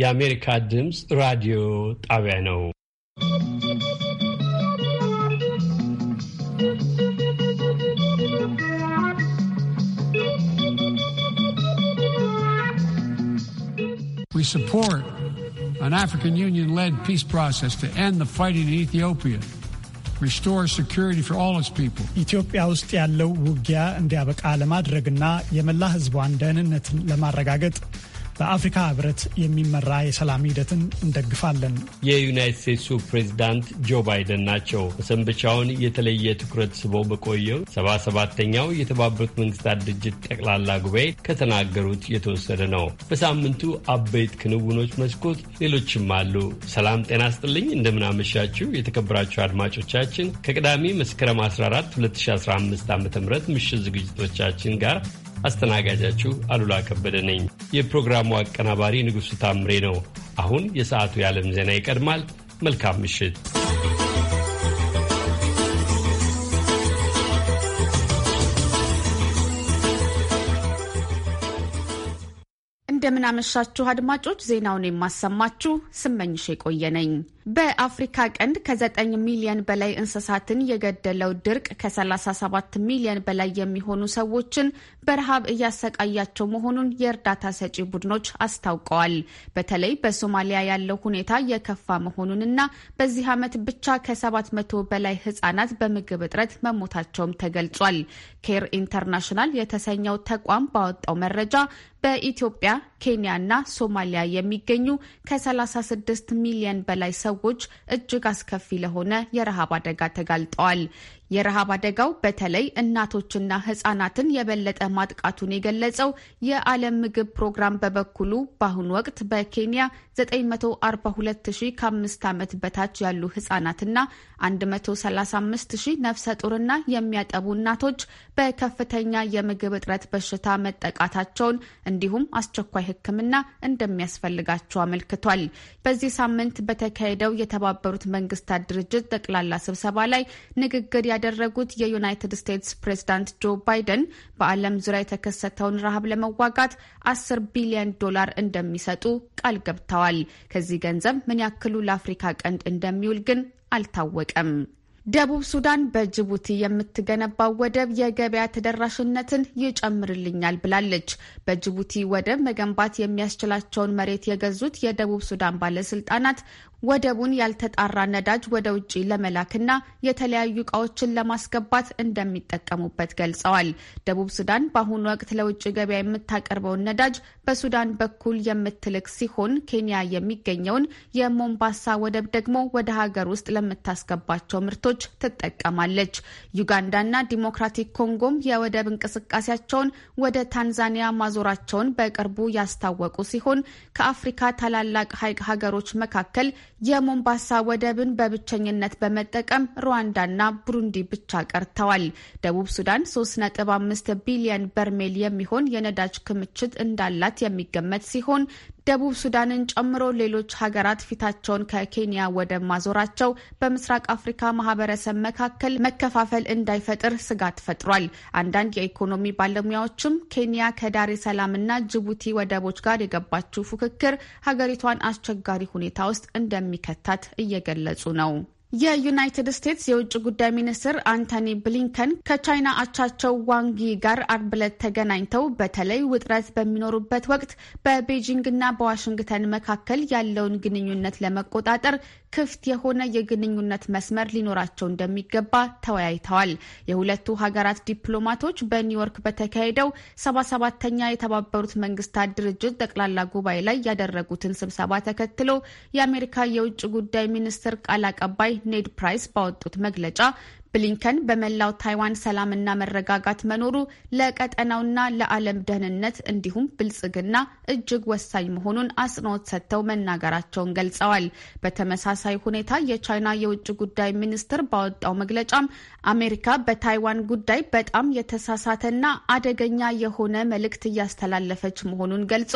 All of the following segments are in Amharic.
የአሜሪካ ድምፅ ራዲዮ ጣቢያ ነው። We support an African Union led peace process to end the fighting in Ethiopia. ኢትዮጵያ ውስጥ ያለው ውጊያ እንዲያበቃ ለማድረግና የመላ ሕዝቧን ደህንነትን ለማረጋገጥ በአፍሪካ ህብረት የሚመራ የሰላም ሂደትን እንደግፋለን። የዩናይት ስቴትሱ ፕሬዚዳንት ጆ ባይደን ናቸው። መሰንበቻውን የተለየ ትኩረት ስቦ በቆየው ሰባ ሰባተኛው የተባበሩት መንግስታት ድርጅት ጠቅላላ ጉባኤ ከተናገሩት የተወሰደ ነው። በሳምንቱ አበይት ክንውኖች መስኮት ሌሎችም አሉ። ሰላም ጤና ስጥልኝ፣ እንደምናመሻችሁ የተከበራችሁ አድማጮቻችን ከቅዳሜ መስከረም 14 2015 ዓ ም ምሽት ዝግጅቶቻችን ጋር አስተናጋጃችሁ አሉላ ከበደ ነኝ። የፕሮግራሙ አቀናባሪ ንጉሥ ታምሬ ነው። አሁን የሰዓቱ የዓለም ዜና ይቀድማል። መልካም ምሽት። እንደምናመሻችሁ አድማጮች፣ ዜናውን የማሰማችሁ ስመኝሽ የቆየ ነኝ። በአፍሪካ ቀንድ ከ9 ሚሊዮን በላይ እንስሳትን የገደለው ድርቅ ከ37 ሚሊዮን በላይ የሚሆኑ ሰዎችን በረሃብ እያሰቃያቸው መሆኑን የእርዳታ ሰጪ ቡድኖች አስታውቀዋል። በተለይ በሶማሊያ ያለው ሁኔታ የከፋ መሆኑንና በዚህ ዓመት ብቻ ከ700 በላይ ህጻናት በምግብ እጥረት መሞታቸውም ተገልጿል። ኬር ኢንተርናሽናል የተሰኘው ተቋም ባወጣው መረጃ በኢትዮጵያ ኬንያና ሶማሊያ የሚገኙ ከ36 ሚሊዮን በላይ ሰዎች እጅግ አስከፊ ለሆነ የረሃብ አደጋ ተጋልጠዋል። የረሃብ አደጋው በተለይ እናቶችና ህጻናትን የበለጠ ማጥቃቱን የገለጸው የዓለም ምግብ ፕሮግራም በበኩሉ በአሁኑ ወቅት በኬንያ 942,000 ከአምስት ዓመት በታች ያሉ ህጻናትና 135,000 ነፍሰ ጡርና የሚያጠቡ እናቶች በከፍተኛ የምግብ እጥረት በሽታ መጠቃታቸውን እንዲሁም አስቸኳይ ሕክምና እንደሚያስፈልጋቸው አመልክቷል። በዚህ ሳምንት በተካሄደው የተባበሩት መንግስታት ድርጅት ጠቅላላ ስብሰባ ላይ ንግግር ያደረጉት የዩናይትድ ስቴትስ ፕሬዝዳንት ጆ ባይደን በዓለም ዙሪያ የተከሰተውን ረሃብ ለመዋጋት 10 ቢሊዮን ዶላር እንደሚሰጡ ቃል ገብተዋል። ገልጸዋል። ከዚህ ገንዘብ ምን ያክሉ ለአፍሪካ ቀንድ እንደሚውል ግን አልታወቀም። ደቡብ ሱዳን በጅቡቲ የምትገነባው ወደብ የገበያ ተደራሽነትን ይጨምርልኛል ብላለች። በጅቡቲ ወደብ መገንባት የሚያስችላቸውን መሬት የገዙት የደቡብ ሱዳን ባለስልጣናት ወደቡን ያልተጣራ ነዳጅ ወደ ውጭ ለመላክና የተለያዩ እቃዎችን ለማስገባት እንደሚጠቀሙበት ገልጸዋል። ደቡብ ሱዳን በአሁኑ ወቅት ለውጭ ገበያ የምታቀርበውን ነዳጅ በሱዳን በኩል የምትልክ ሲሆን ኬንያ የሚገኘውን የሞምባሳ ወደብ ደግሞ ወደ ሀገር ውስጥ ለምታስገባቸው ምርቶች ትጠቀማለች። ዩጋንዳና ዲሞክራቲክ ኮንጎም የወደብ እንቅስቃሴያቸውን ወደ ታንዛኒያ ማዞራቸውን በቅርቡ ያስታወቁ ሲሆን ከአፍሪካ ታላላቅ ሀይቅ ሀገሮች መካከል የሞምባሳ ወደብን በብቸኝነት በመጠቀም ሩዋንዳና ቡሩንዲ ብቻ ቀርተዋል። ደቡብ ሱዳን 3.5 ቢሊየን በርሜል የሚሆን የነዳጅ ክምችት እንዳላት የሚገመት ሲሆን ደቡብ ሱዳንን ጨምሮ ሌሎች ሀገራት ፊታቸውን ከኬንያ ወደብ ማዞራቸው በምስራቅ አፍሪካ ማህበረሰብ መካከል መከፋፈል እንዳይፈጥር ስጋት ፈጥሯል። አንዳንድ የኢኮኖሚ ባለሙያዎችም ኬንያ ከዳሬ ሰላምና ጅቡቲ ወደቦች ጋር የገባችው ፉክክር ሀገሪቷን አስቸጋሪ ሁኔታ ውስጥ እንደሚከታት እየገለጹ ነው። የዩናይትድ ስቴትስ የውጭ ጉዳይ ሚኒስትር አንቶኒ ብሊንከን ከቻይና አቻቸው ዋንጊ ጋር አርብ ዕለት ተገናኝተው በተለይ ውጥረት በሚኖሩበት ወቅት በቤጂንግና በዋሽንግተን መካከል ያለውን ግንኙነት ለመቆጣጠር ክፍት የሆነ የግንኙነት መስመር ሊኖራቸው እንደሚገባ ተወያይተዋል። የሁለቱ ሀገራት ዲፕሎማቶች በኒውዮርክ በተካሄደው ሰባ ሰባተኛ የተባበሩት መንግስታት ድርጅት ጠቅላላ ጉባኤ ላይ ያደረጉትን ስብሰባ ተከትሎ የአሜሪካ የውጭ ጉዳይ ሚኒስትር ቃል አቀባይ ኔድ ፕራይስ ባወጡት መግለጫ ብሊንከን በመላው ታይዋን ሰላምና መረጋጋት መኖሩ ለቀጠናውና ለዓለም ደህንነት እንዲሁም ብልጽግና እጅግ ወሳኝ መሆኑን አጽንኦት ሰጥተው መናገራቸውን ገልጸዋል። በተመሳሳይ ሁኔታ የቻይና የውጭ ጉዳይ ሚኒስትር ባወጣው መግለጫም አሜሪካ በታይዋን ጉዳይ በጣም የተሳሳተና አደገኛ የሆነ መልእክት እያስተላለፈች መሆኑን ገልጾ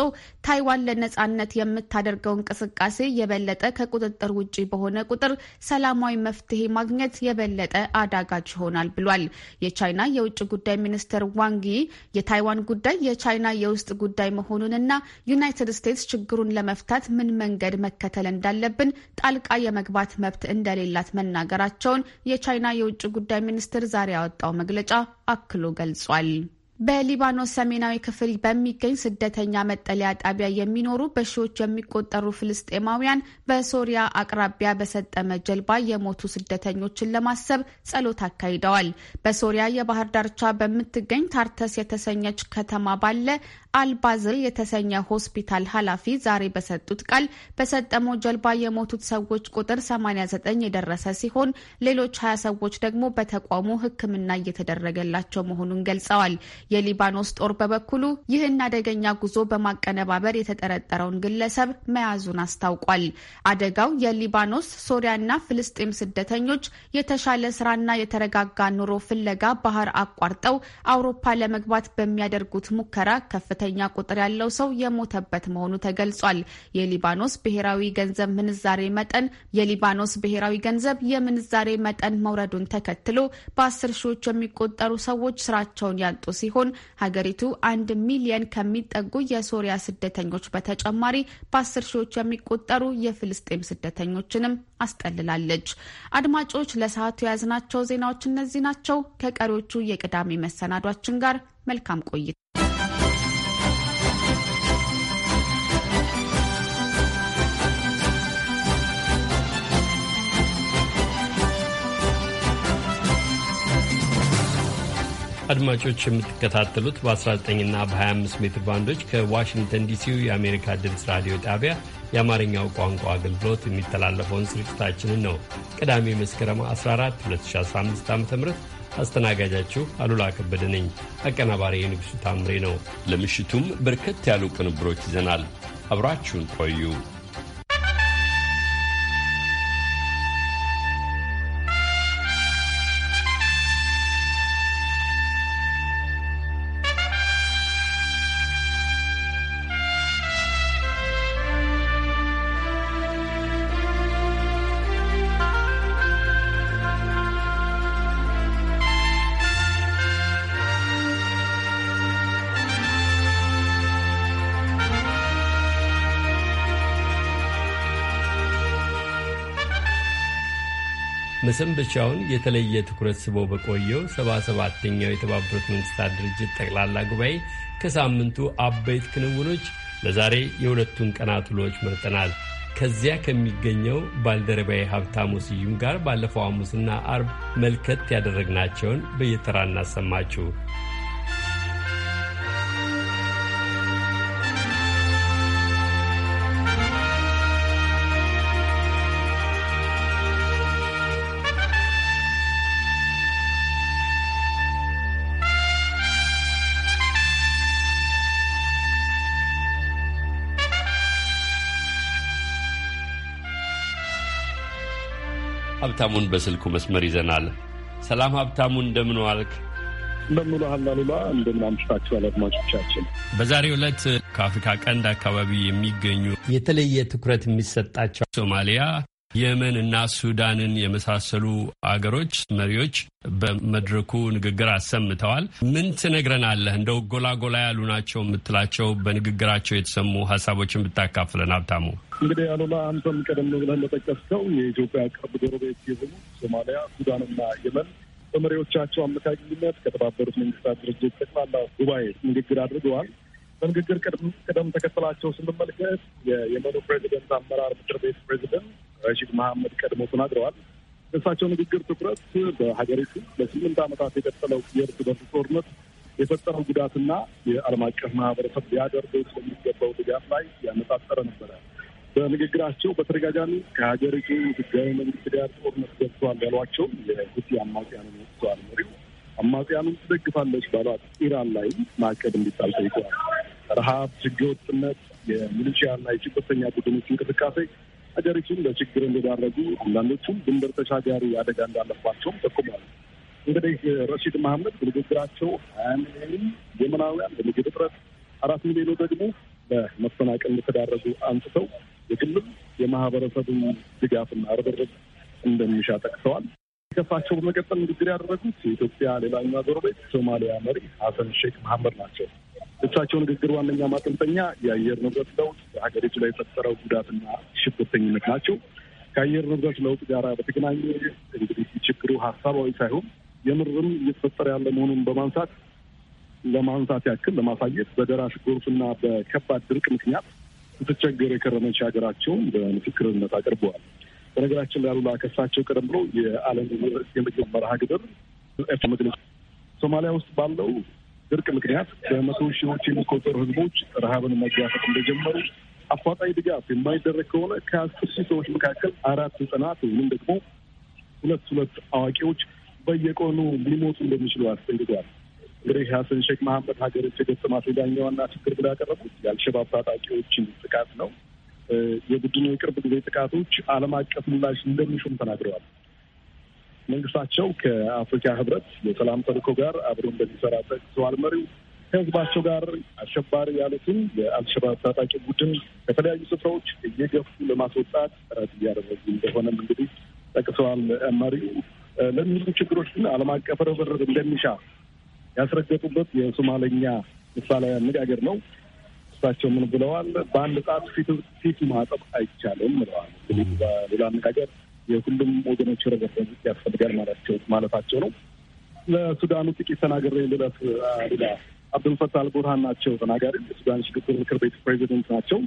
ታይዋን ለነጻነት የምታደርገው እንቅስቃሴ የበለጠ ከቁጥጥር ውጪ በሆነ ቁጥር ሰላማዊ መፍትሄ ማግኘት የበለጠ አ አዳጋች ይሆናል ብሏል። የቻይና የውጭ ጉዳይ ሚኒስትር ዋንጊ የታይዋን ጉዳይ የቻይና የውስጥ ጉዳይ መሆኑንና ዩናይትድ ስቴትስ ችግሩን ለመፍታት ምን መንገድ መከተል እንዳለብን ጣልቃ የመግባት መብት እንደሌላት መናገራቸውን የቻይና የውጭ ጉዳይ ሚኒስትር ዛሬ ያወጣው መግለጫ አክሎ ገልጿል። በሊባኖስ ሰሜናዊ ክፍል በሚገኝ ስደተኛ መጠለያ ጣቢያ የሚኖሩ በሺዎች የሚቆጠሩ ፍልስጤማውያን በሶሪያ አቅራቢያ በሰጠመ ጀልባ የሞቱ ስደተኞችን ለማሰብ ጸሎት አካሂደዋል። በሶሪያ የባህር ዳርቻ በምትገኝ ታርተስ የተሰኘች ከተማ ባለ አልባዝል የተሰኘ ሆስፒታል ኃላፊ ዛሬ በሰጡት ቃል በሰጠመው ጀልባ የሞቱት ሰዎች ቁጥር 89 የደረሰ ሲሆን ሌሎች 20 ሰዎች ደግሞ በተቋሙ ሕክምና እየተደረገላቸው መሆኑን ገልጸዋል። የሊባኖስ ጦር በበኩሉ ይህን አደገኛ ጉዞ በማቀነባበር የተጠረጠረውን ግለሰብ መያዙን አስታውቋል። አደጋው የሊባኖስ ሶሪያና ፍልስጤም ስደተኞች የተሻለ ስራና የተረጋጋ ኑሮ ፍለጋ ባህር አቋርጠው አውሮፓ ለመግባት በሚያደርጉት ሙከራ ከፍተኛ ቁጥር ያለው ሰው የሞተበት መሆኑ ተገልጿል። የሊባኖስ ብሔራዊ ገንዘብ ምንዛሬ መጠን የሊባኖስ ብሔራዊ ገንዘብ የምንዛሬ መጠን መውረዱን ተከትሎ በአስር ሺዎች የሚቆጠሩ ሰዎች ስራቸውን ያጡ ሲሆን ሲሆን ሀገሪቱ አንድ ሚሊየን ከሚጠጉ የሶሪያ ስደተኞች በተጨማሪ በአስር ሺዎች የሚቆጠሩ የፍልስጤም ስደተኞችንም አስጠልላለች። አድማጮች ለሰዓቱ የያዝናቸው ዜናዎች እነዚህ ናቸው። ከቀሪዎቹ የቅዳሜ መሰናዷችን ጋር መልካም ቆይታ አድማጮች የምትከታተሉት በ19ና በ25 ሜትር ባንዶች ከዋሽንግተን ዲሲው የአሜሪካ ድምፅ ራዲዮ ጣቢያ የአማርኛው ቋንቋ አገልግሎት የሚተላለፈውን ስርጭታችንን ነው። ቅዳሜ መስከረም 14 2015 ዓ ም አስተናጋጃችሁ አሉላ ከበደ ነኝ። አቀናባሪ የንጉሡ ታምሬ ነው። ለምሽቱም በርከት ያሉ ቅንብሮች ይዘናል። አብራችሁን ቆዩ። መሰንበቻውን የተለየ ትኩረት ስቦ በቆየው ሰባ ሰባተኛው የተባበሩት መንግስታት ድርጅት ጠቅላላ ጉባኤ ከሳምንቱ አበይት ክንውኖች ለዛሬ የሁለቱን ቀናት ውሎዎች መርጠናል። ከዚያ ከሚገኘው ባልደረባዊ ሀብታሙ ስዩም ጋር ባለፈው ሐሙስና አርብ መልከት ያደረግናቸውን በየተራ እናሰማችሁ። ሀብታሙን በስልኩ መስመር ይዘናል። ሰላም ሀብታሙ፣ እንደምን ዋልክ? በሙሉ ሀላሉላ እንደምን አምሽታችኋል አድማጮቻችን። በዛሬው ዕለት ከአፍሪካ ቀንድ አካባቢ የሚገኙ የተለየ ትኩረት የሚሰጣቸው ሶማሊያ፣ የመን እና ሱዳንን የመሳሰሉ አገሮች መሪዎች በመድረኩ ንግግር አሰምተዋል። ምን ትነግረናለህ? እንደው ጎላጎላ ያሉ ናቸው የምትላቸው በንግግራቸው የተሰሙ ሀሳቦችን ብታካፍለን ሀብታሙ። እንግዲህ አሉላ አንተም ቀደም ብለህ ለጠቀስከው የኢትዮጵያ ቅርብ ጎረቤት የሆኑ ሶማሊያ፣ ሱዳንና የመን በመሪዎቻቸው አመካኝነት ከተባበሩት መንግስታት ድርጅት ጠቅላላ ጉባኤ ንግግር አድርገዋል። በንግግር ቅደም ተከተላቸው ስንመለከት የየመኑ ፕሬዚደንት አመራር ምክር ቤት ፕሬዚደንት ረሺድ መሐመድ ቀድሞ ተናግረዋል። እሳቸው ንግግር ትኩረት በሀገሪቱ ለስምንት ዓመታት የቀጠለው የእርስ በርስ ጦርነት የፈጠረው ጉዳትና የዓለም አቀፍ ማህበረሰብ ሊያደርገው ስለሚገባው ድጋፍ ላይ ያነጣጠረ ነበረ። በንግግራቸው በተደጋጋሚ ከሀገሪቱ ህጋዊ መንግስት ጋር ጦርነት ገብተዋል ያሏቸው የሁቲ አማጽያንን ወቅተዋል መሪው አማጽያኑን ትደግፋለች ባሏት ኢራን ላይ ማዕቀብ እንዲጣል ጠይቀዋል። ረሃብ፣ ህገወጥነት፣ የሚሊሺያና የሽብርተኛ ቡድኖች እንቅስቃሴ ሀገሪቱን ለችግር እንደዳረጉ አንዳንዶቹም ድንበር ተሻጋሪ አደጋ እንዳለባቸውም ጠቁሟል። እንግዲህ ረሺድ መሐመድ በንግግራቸው ሀያ ሚሊዮን የመናውያን በምግብ እጥረት አራት ሚሊዮኑ ደግሞ በመፈናቀል እንደተዳረጉ አንስተው የግልም የማህበረሰቡን ድጋፍና ርብርብ እንደሚሻ ጠቅሰዋል። ከፋቸው በመቀጠል ንግግር ያደረጉት የኢትዮጵያ ሌላኛ ጎረቤት ሶማሊያ መሪ ሀሰን ሼክ መሀመድ ናቸው። እሳቸው ንግግር ዋነኛ ማጠንጠኛ የአየር ንብረት ለውጥ ሀገሪቱ ላይ የፈጠረው ጉዳትና ሽብርተኝነት ናቸው። ከአየር ንብረት ለውጥ ጋር በተገናኘ እንግዲህ ችግሩ ሀሳባዊ ሳይሆን የምርም እየተፈጠረ ያለ መሆኑን በማንሳት ለማንሳት ያክል ለማሳየት በደራሽ ጎርፍና በከባድ ድርቅ ምክንያት ስትቸገር የከረመች ሀገራቸውን በምስክርነት አቅርበዋል። በነገራችን ላይ አሉላ ከሳቸው ቀደም ብሎ የዓለም የምግብ መርሃ ግብር ኤርትራ ሶማሊያ ውስጥ ባለው ድርቅ ምክንያት በመቶ ሺዎች የሚቆጠሩ ህዝቦች ረሃብን መጋፈጥ እንደጀመሩ አፋጣኝ ድጋፍ የማይደረግ ከሆነ ከአስር ሺህ ሰዎች መካከል አራት ህጽናት ወይም ደግሞ ሁለት ሁለት አዋቂዎች በየቀኑ ሊሞቱ እንደሚችሉ አስጠንቅቋል። እንግዲህ ሀሰን ሼክ መሀመድ ሀገሮች የገጠማት ሌላኛው ችግር ብላ ያቀረቡት የአልሸባብ ታጣቂዎችን ጥቃት ነው። የቡድኑ የቅርብ ጊዜ ጥቃቶች ዓለም አቀፍ ምላሽ እንደሚሹም ተናግረዋል። መንግስታቸው ከአፍሪካ ህብረት የሰላም ተልዕኮ ጋር አብሮ እንደሚሰራ ጠቅሰዋል። መሪው ከህዝባቸው ጋር አሸባሪ ያሉትን የአልሸባብ ታጣቂ ቡድን ከተለያዩ ስፍራዎች እየገፉ ለማስወጣት ጥረት እያደረጉ እንደሆነም እንግዲህ ጠቅሰዋል። መሪው ለሚሉ ችግሮች ግን ዓለም አቀፍ ርብርብ እንደሚሻ ያስረገጡበት የሶማለኛ ምሳሌ አነጋገር ነው። እሳቸው ምን ብለዋል? በአንድ ሰዓት ፊት ማጠብ አይቻልም ብለዋል። በሌላ አነጋገር የሁሉም ወገኖች ረገረግ ያስፈልጋል ማለቸው ማለታቸው ነው። ለሱዳኑ ጥቂት ተናገር ልለት ሌላ አብዱልፈታ አልቡርሃን ናቸው ተናጋሪ። የሱዳን ሽግግር ምክር ቤት ፕሬዚደንት ናቸው።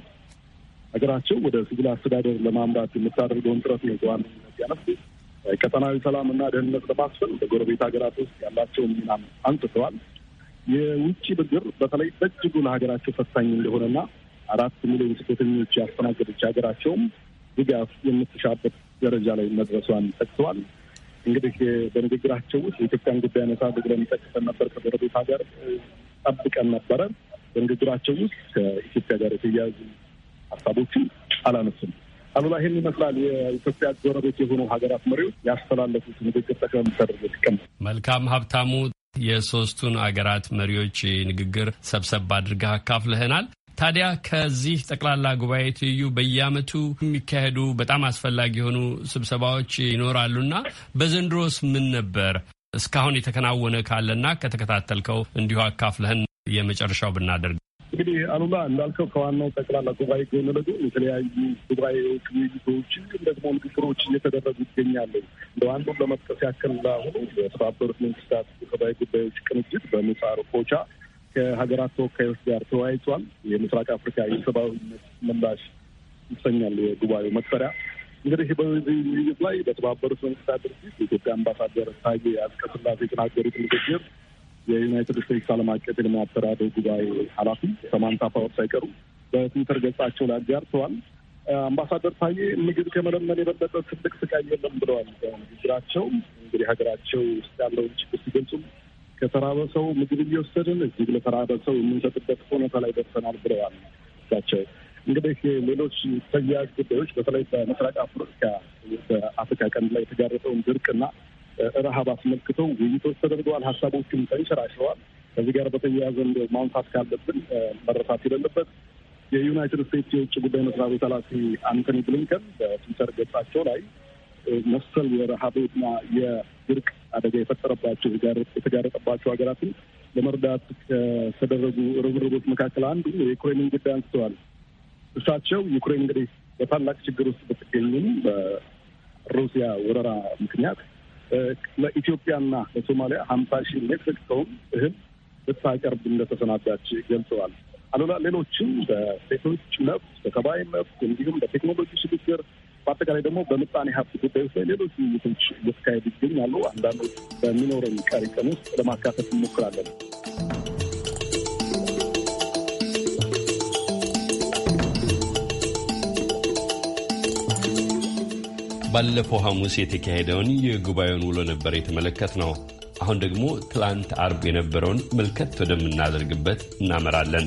ሀገራቸው ወደ ሲቪል አስተዳደር ለማምራት የምታደርገውን ጥረት ነው በዋነኝነት ያነሱ። ቀጠናዊ ሰላም እና ደህንነት ለማስፈን በጎረቤት ሀገራት ውስጥ ያላቸውን ሚናም አንስተዋል። የውጭ ብድር በተለይ በእጅጉ ለሀገራቸው ፈታኝ እንደሆነና አራት ሚሊዮን ስደተኞች ያስተናገደች ሀገራቸውም ድጋፍ የምትሻበት ደረጃ ላይ መድረሷን ጠቅሰዋል። እንግዲህ በንግግራቸው ውስጥ የኢትዮጵያን ጉዳይ ነሳ ብለን ጠቅሰን ነበር፣ ከጎረቤት ሀገር ጠብቀን ነበረ። በንግግራቸው ውስጥ ከኢትዮጵያ ጋር የተያያዙ ሀሳቦችን አላነሱም። አሉላ፣ ይህን ይመስላል የኢትዮጵያ ጎረቤት የሆኑ ሀገራት መሪዎች ያስተላለፉት ንግግር ጠቅላይ ሚኒስትር መልካም ሀብታሙ የሶስቱን አገራት መሪዎች ንግግር ሰብሰብ አድርገህ አካፍልህናል። ታዲያ ከዚህ ጠቅላላ ጉባኤ ትይዩ በየዓመቱ የሚካሄዱ በጣም አስፈላጊ የሆኑ ስብሰባዎች ይኖራሉና በዘንድሮስ ምን ነበር እስካሁን የተከናወነ ካለና ከተከታተልከው እንዲሁ አካፍለህን የመጨረሻው ብናደርግ እንግዲህ አሉላ እንዳልከው ከዋናው ጠቅላላ ጉባኤ ጎን ለጎን የተለያዩ ጉባኤዎች፣ ውይይቶች እንዲሁም ደግሞ ንግግሮች እየተደረጉ ይገኛሉ። እንደ አንዱን ለመጥቀስ ያክል ላሁኑ የተባበሩት መንግስታት የሰብአዊ ጉዳዮች ቅንጅት በምህጻሩ ኦቻ ከሀገራት ተወካዮች ጋር ተወያይቷል። የምስራቅ አፍሪካ የሰብአዊነት ምላሽ ይሰኛል የጉባኤው መጠሪያ። እንግዲህ በዚህ ውይይት ላይ በተባበሩት መንግስታት ድርጅት የኢትዮጵያ አምባሳደር ታዬ አጽቀሥላሴ የተናገሩት ንግግር የዩናይትድ ስቴትስ ዓለም አቀፍ የልማት ተራድኦ ጉባኤ ኃላፊ ሰማንታ ፓወር ሳይቀሩ በትዊተር ገጻቸው ላይ አጋርተዋል። አምባሳደር ታዬ ምግብ ከመለመን የበለጠ ትልቅ ስቃይ የለም ብለዋል። ንግግራቸው እንግዲህ ሀገራቸው ውስጥ ያለውን ችግር ሲገልጹም ከተራበ ሰው ምግብ እየወሰድን እዚህ ለተራበ ሰው የምንሰጥበት ሁኔታ ላይ ደርሰናል ብለዋል። ቸው እንግዲህ ሌሎች ተያያዥ ጉዳዮች በተለይ በምስራቅ አፍሪካ በአፍሪካ ቀንድ ላይ የተጋረጠውን ድርቅና ረሀብ አስመልክተው ውይይቶች ተደርገዋል። ሀሳቦችም ተንሸራሽረዋል። ከዚህ ጋር በተያያዘ እንደ ማንሳት ካለብን መረሳት የሌለበት የዩናይትድ ስቴትስ የውጭ ጉዳይ መስሪያ ቤት ኃላፊ አንቶኒ ብሊንከን በትዊተር ገጻቸው ላይ መሰል የረሀብና የድርቅ አደጋ የፈጠረባቸው የተጋረጠባቸው ሀገራትን ለመርዳት ከተደረጉ ርብርቦች መካከል አንዱ የዩክሬንን ጉዳይ አንስተዋል። እሳቸው ዩክሬን እንግዲህ በታላቅ ችግር ውስጥ ብትገኝም በሩሲያ ወረራ ምክንያት ለኢትዮጵያና ለሶማሊያ ሀምሳ ሺህ ሜትሪክ ቶን እህል ልታቀርብ እንደተሰናዳች ገልጸዋል። አሉላ ሌሎችም በሴቶች መብት፣ በሰብአዊ መብት እንዲሁም በቴክኖሎጂ ሽግግር በአጠቃላይ ደግሞ በምጣኔ ሀብት ጉዳዮች ላይ ሌሎች ውይይቶች እየተካሄዱ ይገኛሉ። አንዳንዶች በሚኖረን ቀሪ ቀን ውስጥ ለማካተት እንሞክራለን። ባለፈው ሐሙስ የተካሄደውን የጉባኤውን ውሎ ነበር የተመለከት ነው። አሁን ደግሞ ትላንት አርብ የነበረውን መልከት ወደምናደርግበት እናመራለን።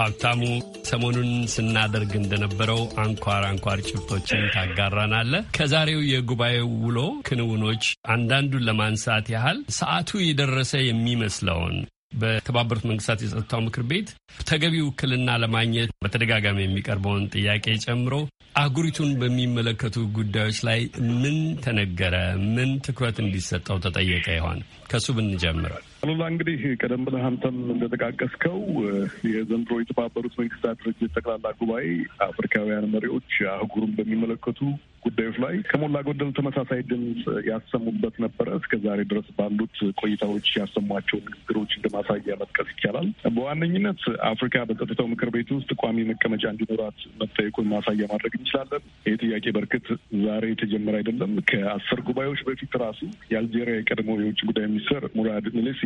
ሀብታሙ ሰሞኑን ስናደርግ እንደነበረው አንኳር አንኳር ጭብጦችን ታጋራናለ። ከዛሬው የጉባኤው ውሎ ክንውኖች አንዳንዱን ለማንሳት ያህል ሰዓቱ የደረሰ የሚመስለውን በተባበሩት መንግስታት የጸጥታው ምክር ቤት ተገቢ ውክልና ለማግኘት በተደጋጋሚ የሚቀርበውን ጥያቄ ጨምሮ አህጉሪቱን በሚመለከቱ ጉዳዮች ላይ ምን ተነገረ? ምን ትኩረት እንዲሰጠው ተጠየቀ ይሆን? ከሱ ብንጀምር አሉላ። እንግዲህ ቀደም ብለህ አንተም እንደጠቃቀስከው የዘንድሮ የተባበሩት መንግስታት ድርጅት ጠቅላላ ጉባኤ አፍሪካውያን መሪዎች አህጉሩን በሚመለከቱ ጉዳዮች ላይ ከሞላ ጎደል ተመሳሳይ ድምፅ ያሰሙበት ነበረ። እስከ ዛሬ ድረስ ባሉት ቆይታዎች ያሰሟቸው ንግግሮች እንደማሳያ መጥቀስ ይቻላል። በዋነኝነት አፍሪካ በጸጥታው ምክር ቤት ውስጥ ቋሚ መቀመጫ እንዲኖራት መጠየቁን ማሳያ ማድረግ እንችላለን። ይህ ጥያቄ በእርግጥ ዛሬ የተጀመረ አይደለም። ከአስር ጉባኤዎች በፊት ራሱ የአልጄሪያ የቀድሞ የውጭ ጉዳይ ሚኒስትር ሙራድ ሚሊሲ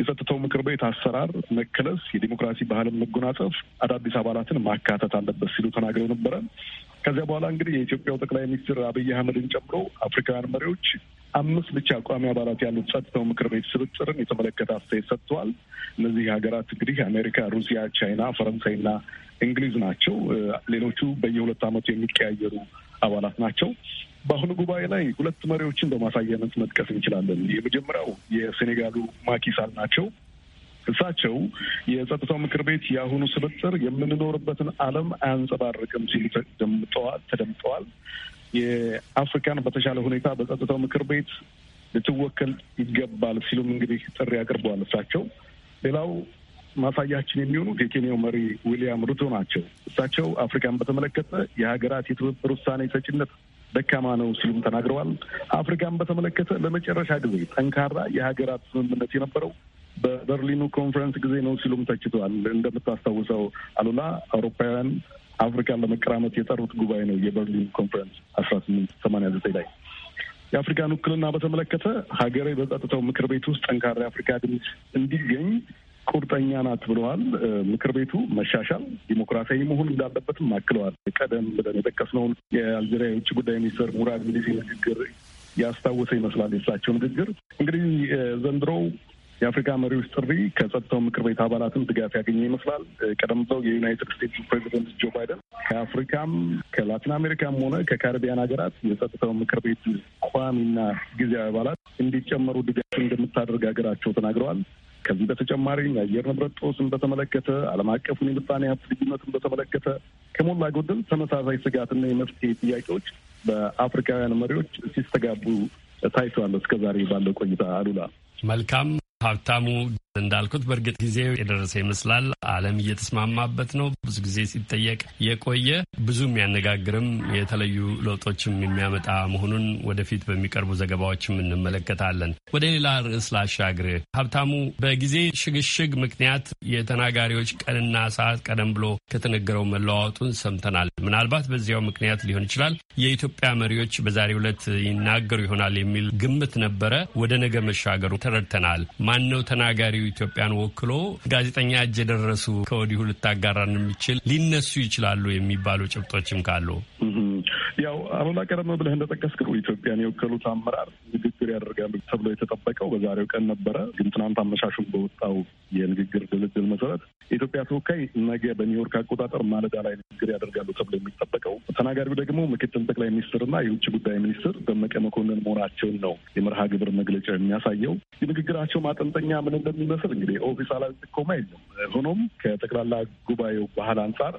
የጸጥታው ምክር ቤት አሰራር መከለስ፣ የዲሞክራሲ ባህልን መጎናጸፍ፣ አዳዲስ አባላትን ማካተት አለበት ሲሉ ተናግረው ነበረ። ከዚያ በኋላ እንግዲህ የኢትዮጵያው ጠቅላይ ሚኒስትር አብይ አህመድን ጨምሮ አፍሪካውያን መሪዎች አምስት ብቻ ቋሚ አባላት ያሉት ጸጥታው ምክር ቤት ስብጥርን የተመለከተ አስተያየት ሰጥተዋል። እነዚህ ሀገራት እንግዲህ አሜሪካ፣ ሩሲያ፣ ቻይና፣ ፈረንሳይና እንግሊዝ ናቸው። ሌሎቹ በየሁለት ዓመቱ የሚቀያየሩ አባላት ናቸው። በአሁኑ ጉባኤ ላይ ሁለት መሪዎችን በማሳያነት መጥቀስ እንችላለን። የመጀመሪያው የሴኔጋሉ ማኪሳል ናቸው። እሳቸው የጸጥታው ምክር ቤት የአሁኑ ስብጥር የምንኖርበትን ዓለም አያንጸባርቅም ሲሉ ተደምጠዋል ተደምጠዋል። የአፍሪካን በተሻለ ሁኔታ በጸጥታው ምክር ቤት ልትወከል ይገባል ሲሉም እንግዲህ ጥሪ አቅርበዋል። እሳቸው ሌላው ማሳያችን የሚሆኑት የኬንያው መሪ ዊሊያም ሩቶ ናቸው። እሳቸው አፍሪካን በተመለከተ የሀገራት የትብብር ውሳኔ ሰጭነት ደካማ ነው ሲሉም ተናግረዋል። አፍሪካን በተመለከተ ለመጨረሻ ጊዜ ጠንካራ የሀገራት ስምምነት የነበረው በበርሊኑ ኮንፈረንስ ጊዜ ነው ሲሉም ተችተዋል። እንደምታስታውሰው አሉላ አውሮፓውያን አፍሪካን ለመቀራመጥ የጠሩት ጉባኤ ነው የበርሊን ኮንፈረንስ አስራ ስምንት ሰማንያ ዘጠኝ ላይ የአፍሪካን ውክልና በተመለከተ ሀገሬ በጸጥታው ምክር ቤት ውስጥ ጠንካራ የአፍሪካ ድምፅ እንዲገኝ ቁርጠኛ ናት ብለዋል። ምክር ቤቱ መሻሻል ዲሞክራሲያዊ መሆን እንዳለበትም አክለዋል። ቀደም ብለን የጠቀስነውን የአልጄሪያ የውጭ ጉዳይ ሚኒስትር ሙራድ ቢሊሲ ንግግር ያስታወሰ ይመስላል። የእሳቸው ንግግር እንግዲህ ዘንድሮው የአፍሪካ መሪዎች ጥሪ ከጸጥታው ምክር ቤት አባላትም ድጋፍ ያገኘ ይመስላል። ቀደም ብለው የዩናይትድ ስቴትስ ፕሬዚደንት ጆ ባይደን ከአፍሪካም ከላቲን አሜሪካም ሆነ ከካሪቢያን ሀገራት የጸጥታው ምክር ቤት ቋሚና ጊዜያዊ አባላት እንዲጨመሩ ድጋፍ እንደምታደርግ ሀገራቸው ተናግረዋል። ከዚህ በተጨማሪ የአየር ንብረት ጦስን በተመለከተ ዓለም አቀፉን የምጣኔ ሀብት ልዩነትን በተመለከተ ከሞላ ጎደል ተመሳሳይ ስጋትና የመፍትሄ ጥያቄዎች በአፍሪካውያን መሪዎች ሲስተጋቡ ታይተዋል። እስከዛሬ ባለው ቆይታ አሉላ መልካም ሀብታሙ እንዳልኩት በእርግጥ ጊዜው የደረሰ ይመስላል። ዓለም እየተስማማበት ነው። ብዙ ጊዜ ሲጠየቅ የቆየ ብዙ የሚያነጋግርም የተለዩ ለውጦችም የሚያመጣ መሆኑን ወደፊት በሚቀርቡ ዘገባዎችም እንመለከታለን። ወደ ሌላ ርዕስ ላሻግር። ሀብታሙ፣ በጊዜ ሽግሽግ ምክንያት የተናጋሪዎች ቀንና ሰዓት ቀደም ብሎ ከተነገረው መለዋወጡን ሰምተናል። ምናልባት በዚያው ምክንያት ሊሆን ይችላል የኢትዮጵያ መሪዎች በዛሬው ዕለት ይናገሩ ይሆናል የሚል ግምት ነበረ። ወደ ነገ መሻገሩ ተረድተናል። ማን ነው ተናጋሪው? ኢትዮጵያን ወክሎ ጋዜጠኛ እጅ የደረሱ ከወዲሁ ልታጋራን የሚችል ሊነሱ ይችላሉ የሚባሉ ጭብጦችም ካሉ ያው አሉላ ቀደም ብለህ እንደጠቀስከው ኢትዮጵያን የወከሉት አመራር ንግግር ያደርጋሉ ተብሎ የተጠበቀው በዛሬው ቀን ነበረ። ግን ትናንት አመሻሹን በወጣው የንግግር ድልድል መሰረት የኢትዮጵያ ተወካይ ነገ በኒውዮርክ አቆጣጠር ማለዳ ላይ ንግግር ያደርጋሉ ተብሎ የሚጠበቀው ተናጋሪው ደግሞ ምክትል ጠቅላይ ሚኒስትርና የውጭ ጉዳይ ሚኒስትር ደመቀ መኮንን መሆናቸውን ነው የመርሃ ግብር መግለጫው የሚያሳየው። ንግግራቸው ማጠንጠኛ ምን እንደሚመስል እንግዲህ ኦፊሳላዊ ጥቆማ የለም። ሆኖም ከጠቅላላ ጉባኤው ባህል አንጻር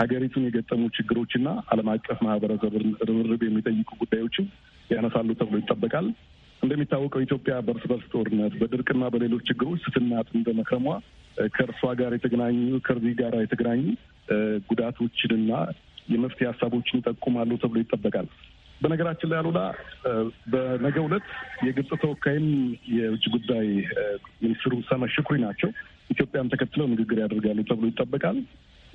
ሀገሪቱን የገጠሙ ችግሮችና ዓለም አቀፍ ማህበረሰብ ርብርብ የሚጠይቁ ጉዳዮችን ያነሳሉ ተብሎ ይጠበቃል። እንደሚታወቀው ኢትዮጵያ በእርስ በርስ ጦርነት፣ በድርቅና በሌሎች ችግሮች ስትናጥ እንደመክረሟ ከእርሷ ጋር የተገናኙ ከዚህ ጋር የተገናኙ ጉዳቶችንና የመፍትሄ ሀሳቦችን ይጠቁማሉ ተብሎ ይጠበቃል። በነገራችን ላይ አሉላ በነገ ዕለት የግብፅ ተወካይም የውጭ ጉዳይ ሚኒስትሩ ሳማ ሽኩሪ ናቸው። ኢትዮጵያን ተከትለው ንግግር ያደርጋሉ ተብሎ ይጠበቃል።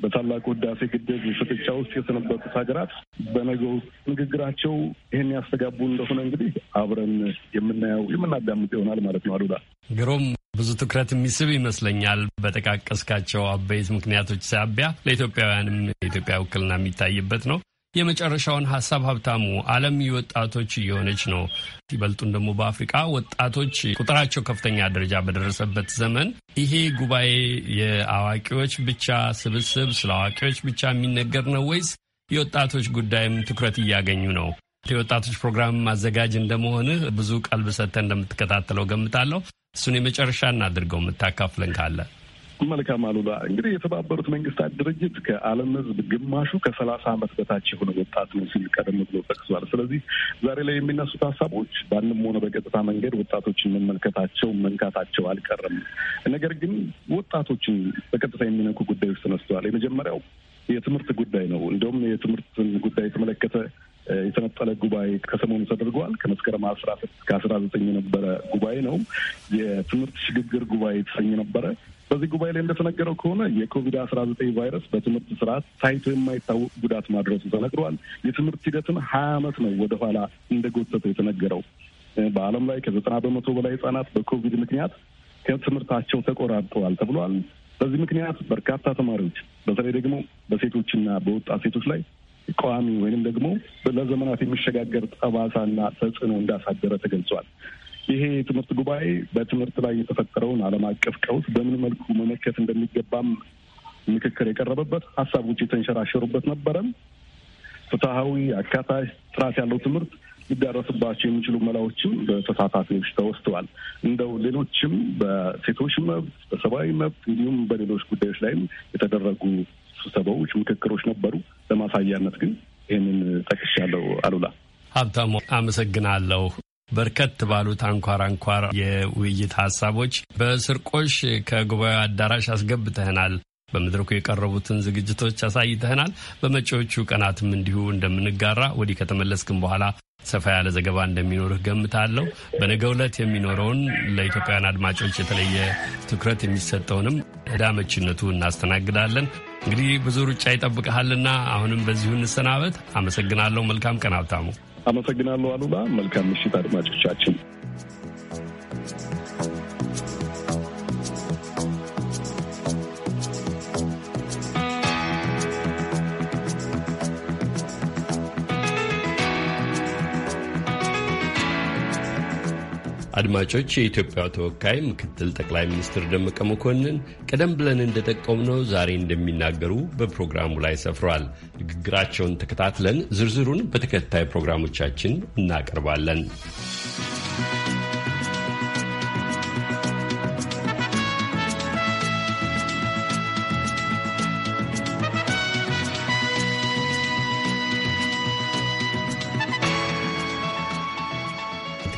በታላቁ ህዳሴ ግድብ ፍጥጫ ውስጥ የሰነበቱት ሀገራት በነገው ንግግራቸው ይህን ያስተጋቡ እንደሆነ እንግዲህ አብረን የምናየው የምናዳምጥ ይሆናል ማለት ነው አሉላ ግሩም ብዙ ትኩረት የሚስብ ይመስለኛል። በጠቃቀስካቸው አበይት ምክንያቶች ሳቢያ ለኢትዮጵያውያንም የኢትዮጵያ ውክልና የሚታይበት ነው። የመጨረሻውን ሀሳብ ሀብታሙ ዓለም ወጣቶች እየሆነች ነው። ይበልጡን ደግሞ በአፍሪቃ ወጣቶች ቁጥራቸው ከፍተኛ ደረጃ በደረሰበት ዘመን ይሄ ጉባኤ የአዋቂዎች ብቻ ስብስብ ስለ አዋቂዎች ብቻ የሚነገር ነው ወይስ የወጣቶች ጉዳይም ትኩረት እያገኙ ነው? የወጣቶች ፕሮግራም ማዘጋጅ እንደመሆንህ ብዙ ቀልብ ሰጥተህ እንደምትከታተለው ገምታለሁ። እሱን የመጨረሻ እናድርገው የምታካፍለን ካለ መልካም አሉላ። እንግዲህ የተባበሩት መንግስታት ድርጅት ከዓለም ሕዝብ ግማሹ ከሰላሳ ዓመት በታች የሆነ ወጣት ነው ሲል ቀደም ብሎ ጠቅሷል። ስለዚህ ዛሬ ላይ የሚነሱት ሀሳቦች በአንድም ሆነ በቀጥታ መንገድ ወጣቶችን መመልከታቸው መንካታቸው አልቀረም። ነገር ግን ወጣቶችን በቀጥታ የሚነኩ ጉዳዮች ተነስተዋል። የመጀመሪያው የትምህርት ጉዳይ ነው። እንደውም የትምህርትን ጉዳይ የተመለከተ የተነጠለ ጉባኤ ከሰሞኑ ተደርጓል። ከመስከረም አስራ ስድስት ከአስራ ዘጠኝ የነበረ ጉባኤ ነው። የትምህርት ሽግግር ጉባኤ የተሰኘ ነበረ። በዚህ ጉባኤ ላይ እንደተነገረው ከሆነ የኮቪድ አስራ ዘጠኝ ቫይረስ በትምህርት ስርዓት ታይቶ የማይታወቅ ጉዳት ማድረሱ ተነግሯል። የትምህርት ሂደትን ሀያ አመት ነው ወደኋላ እንደጎተተ የተነገረው። በዓለም ላይ ከዘጠና በመቶ በላይ ህጻናት በኮቪድ ምክንያት ከትምህርታቸው ተቆራርጠዋል ተብሏል። በዚህ ምክንያት በርካታ ተማሪዎች በተለይ ደግሞ በሴቶችና በወጣት ሴቶች ላይ ቋሚ ወይንም ደግሞ ለዘመናት የሚሸጋገር ጠባሳና ተጽዕኖ እንዳሳደረ ተገልጿል። ይሄ የትምህርት ጉባኤ በትምህርት ላይ የተፈጠረውን ዓለም አቀፍ ቀውስ በምን መልኩ መመከት እንደሚገባም ምክክር የቀረበበት ሀሳቦች የተንሸራሸሩበት ነበረም። ፍትሐዊ፣ አካታች፣ ጥራት ያለው ትምህርት ሊዳረስባቸው የሚችሉ መላዎችም በተሳታፊዎች ተወስተዋል። እንደው ሌሎችም በሴቶች መብት፣ በሰብአዊ መብት እንዲሁም በሌሎች ጉዳዮች ላይም የተደረጉ ስብሰባዎች፣ ምክክሮች ነበሩ። ለማሳያነት ግን ይህንን ጠቅሻለሁ። አሉላ ሀብታሙ አመሰግናለሁ። በርከት ባሉት አንኳር አንኳር የውይይት ሀሳቦች በስርቆሽ ከጉባኤው አዳራሽ አስገብተህናል። በመድረኩ የቀረቡትን ዝግጅቶች አሳይተህናል። በመጪዎቹ ቀናትም እንዲሁ እንደምንጋራ ወዲህ ከተመለስክም በኋላ ሰፋ ያለ ዘገባ እንደሚኖርህ ገምታለሁ። በነገ ዕለት የሚኖረውን ለኢትዮጵያውያን አድማጮች የተለየ ትኩረት የሚሰጠውንም ዕዳመችነቱ እናስተናግዳለን። እንግዲህ ብዙ ሩጫ ይጠብቀሃልና አሁንም በዚሁ እንሰናበት። አመሰግናለሁ። መልካም ቀን ሀብታሙ። አመሰግናለሁ አሉላ። መልካም ምሽት አድማጮቻችን። አድማጮች፣ የኢትዮጵያ ተወካይ ምክትል ጠቅላይ ሚኒስትር ደመቀ መኮንን ቀደም ብለን እንደጠቆምነው ዛሬ እንደሚናገሩ በፕሮግራሙ ላይ ሰፍሯል። ንግግራቸውን ተከታትለን ዝርዝሩን በተከታይ ፕሮግራሞቻችን እናቀርባለን።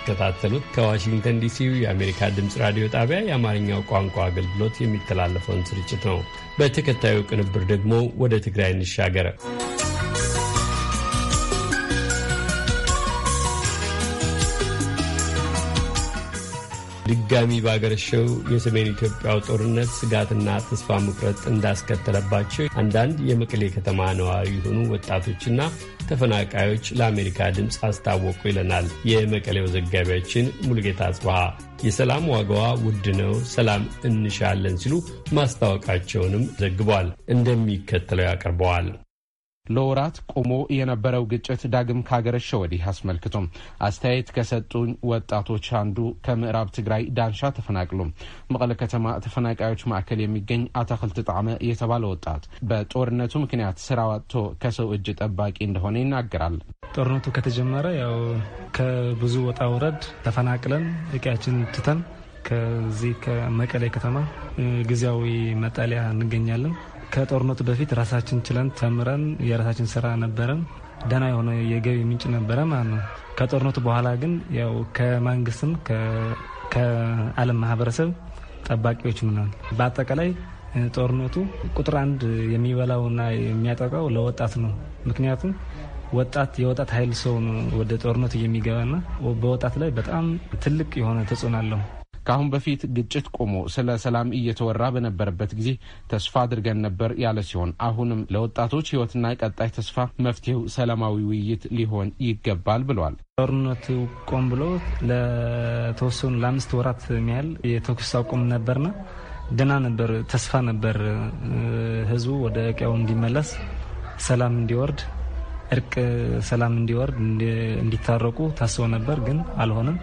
የምትከታተሉት ከዋሽንግተን ዲሲው የአሜሪካ ድምፅ ራዲዮ ጣቢያ የአማርኛው ቋንቋ አገልግሎት የሚተላለፈውን ስርጭት ነው። በተከታዩ ቅንብር ደግሞ ወደ ትግራይ እንሻገር። ድጋሚ ባገረሸው የሰሜን ኢትዮጵያው ጦርነት ስጋትና ተስፋ መቁረጥ እንዳስከተለባቸው አንዳንድ የመቀሌ ከተማ ነዋሪ የሆኑ ወጣቶችና ተፈናቃዮች ለአሜሪካ ድምፅ አስታወቁ ይለናል የመቀሌው ዘጋቢያችን ሙልጌታ አጽብሃ። የሰላም ዋጋዋ ውድ ነው፣ ሰላም እንሻለን ሲሉ ማስታወቃቸውንም ዘግቧል። እንደሚከተለው ያቀርበዋል። ለወራት ቆሞ የነበረው ግጭት ዳግም ካገረሸ ወዲህ አስመልክቶም አስተያየት ከሰጡኝ ወጣቶች አንዱ ከምዕራብ ትግራይ ዳንሻ ተፈናቅሎ መቀለ ከተማ ተፈናቃዮች ማዕከል የሚገኝ አታክልት ጣዕመ የተባለ ወጣት በጦርነቱ ምክንያት ስራ ዋጥቶ ከሰው እጅ ጠባቂ እንደሆነ ይናገራል። ጦርነቱ ከተጀመረ ያው ከብዙ ወጣ ውረድ ተፈናቅለን እቂያችን ትተን ከዚህ ከመቀሌ ከተማ ጊዜያዊ መጠለያ እንገኛለን። ከጦርነቱ በፊት ራሳችን ችለን ተምረን የራሳችን ስራ ነበረን። ደህና የሆነ የገቢ ምንጭ ነበረ ማለት ነው። ከጦርነቱ በኋላ ግን ያው ከመንግስትም ከዓለም ማህበረሰብ ጠባቂዎች ምናል በአጠቃላይ ጦርነቱ ቁጥር አንድ የሚበላውና የሚያጠቃው ለወጣት ነው። ምክንያቱም ወጣት የወጣት ኃይል ሰው ወደ ጦርነቱ የሚገባና በወጣት ላይ በጣም ትልቅ የሆነ ተጽዕኖ አለው። ከአሁን በፊት ግጭት ቆሞ ስለ ሰላም እየተወራ በነበረበት ጊዜ ተስፋ አድርገን ነበር ያለ ሲሆን አሁንም ለወጣቶች ህይወትና ቀጣይ ተስፋ መፍትሄው ሰላማዊ ውይይት ሊሆን ይገባል ብሏል። ጦርነቱ ቆም ብሎ ለተወሰኑ ለአምስት ወራት የሚያህል የተኩስ አቁም ነበርና ደና ነበር፣ ተስፋ ነበር። ህዝቡ ወደ ቀያው እንዲመለስ፣ ሰላም እንዲወርድ፣ እርቅ ሰላም እንዲወርድ እንዲታረቁ ታስቦ ነበር፣ ግን አልሆነም።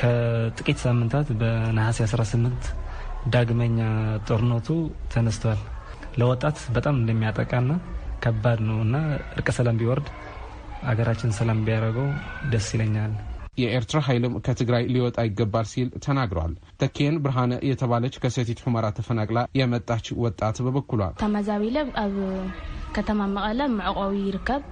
ከጥቂት ሳምንታት በነሐሴ 18 ዳግመኛ ጦርነቱ ተነስቷል። ለወጣት በጣም እንደሚያጠቃና ከባድ ነው እና እርቀ ሰላም ቢወርድ አገራችን ሰላም ቢያደርገው ደስ ይለኛል። የኤርትራ ኃይልም ከትግራይ ሊወጣ ይገባል ሲል ተናግሯል። ተኬን ብርሃነ የተባለች ከሴቲት ሑመራ ተፈናቅላ የመጣች ወጣት በበኩሏ ተመዛቢለ ኣብ ከተማ መቐለ ምዕቆዊ ይርከብ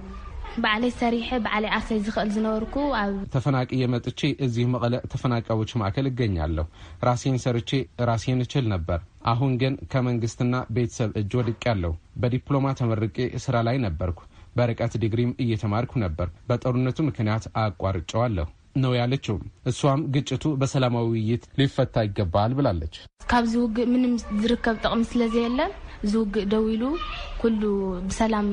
ባዕለይ ሰሪሐ ባዕለይ ዓርሰይ ዝኽእል ዝነበርኩ ኣብ ተፈናቅየ መጥቼ እዚህ መቐለ ተፈናቃዮች ማእከል እገኛለሁ። ራሴን ሰርቼ ራሴን እችል ነበር። አሁን ግን ከመንግስትና ቤተሰብ እጅ ወድቄያለሁ። በዲፕሎማ ተመርቄ ስራ ላይ ነበርኩ። በርቀት ዲግሪም እየተማርኩ ነበር። በጦርነቱ ምክንያት አቋርጨዋለሁ ነው ያለችው። እሷም ግጭቱ በሰላማዊ ውይይት ሊፈታ ይገባል ብላለች። ካብዚ ውግእ ምንም ዝርከብ ጥቕሚ ስለዘየለን እዚ ውግእ ደው ኢሉ ኩሉ ብሰላም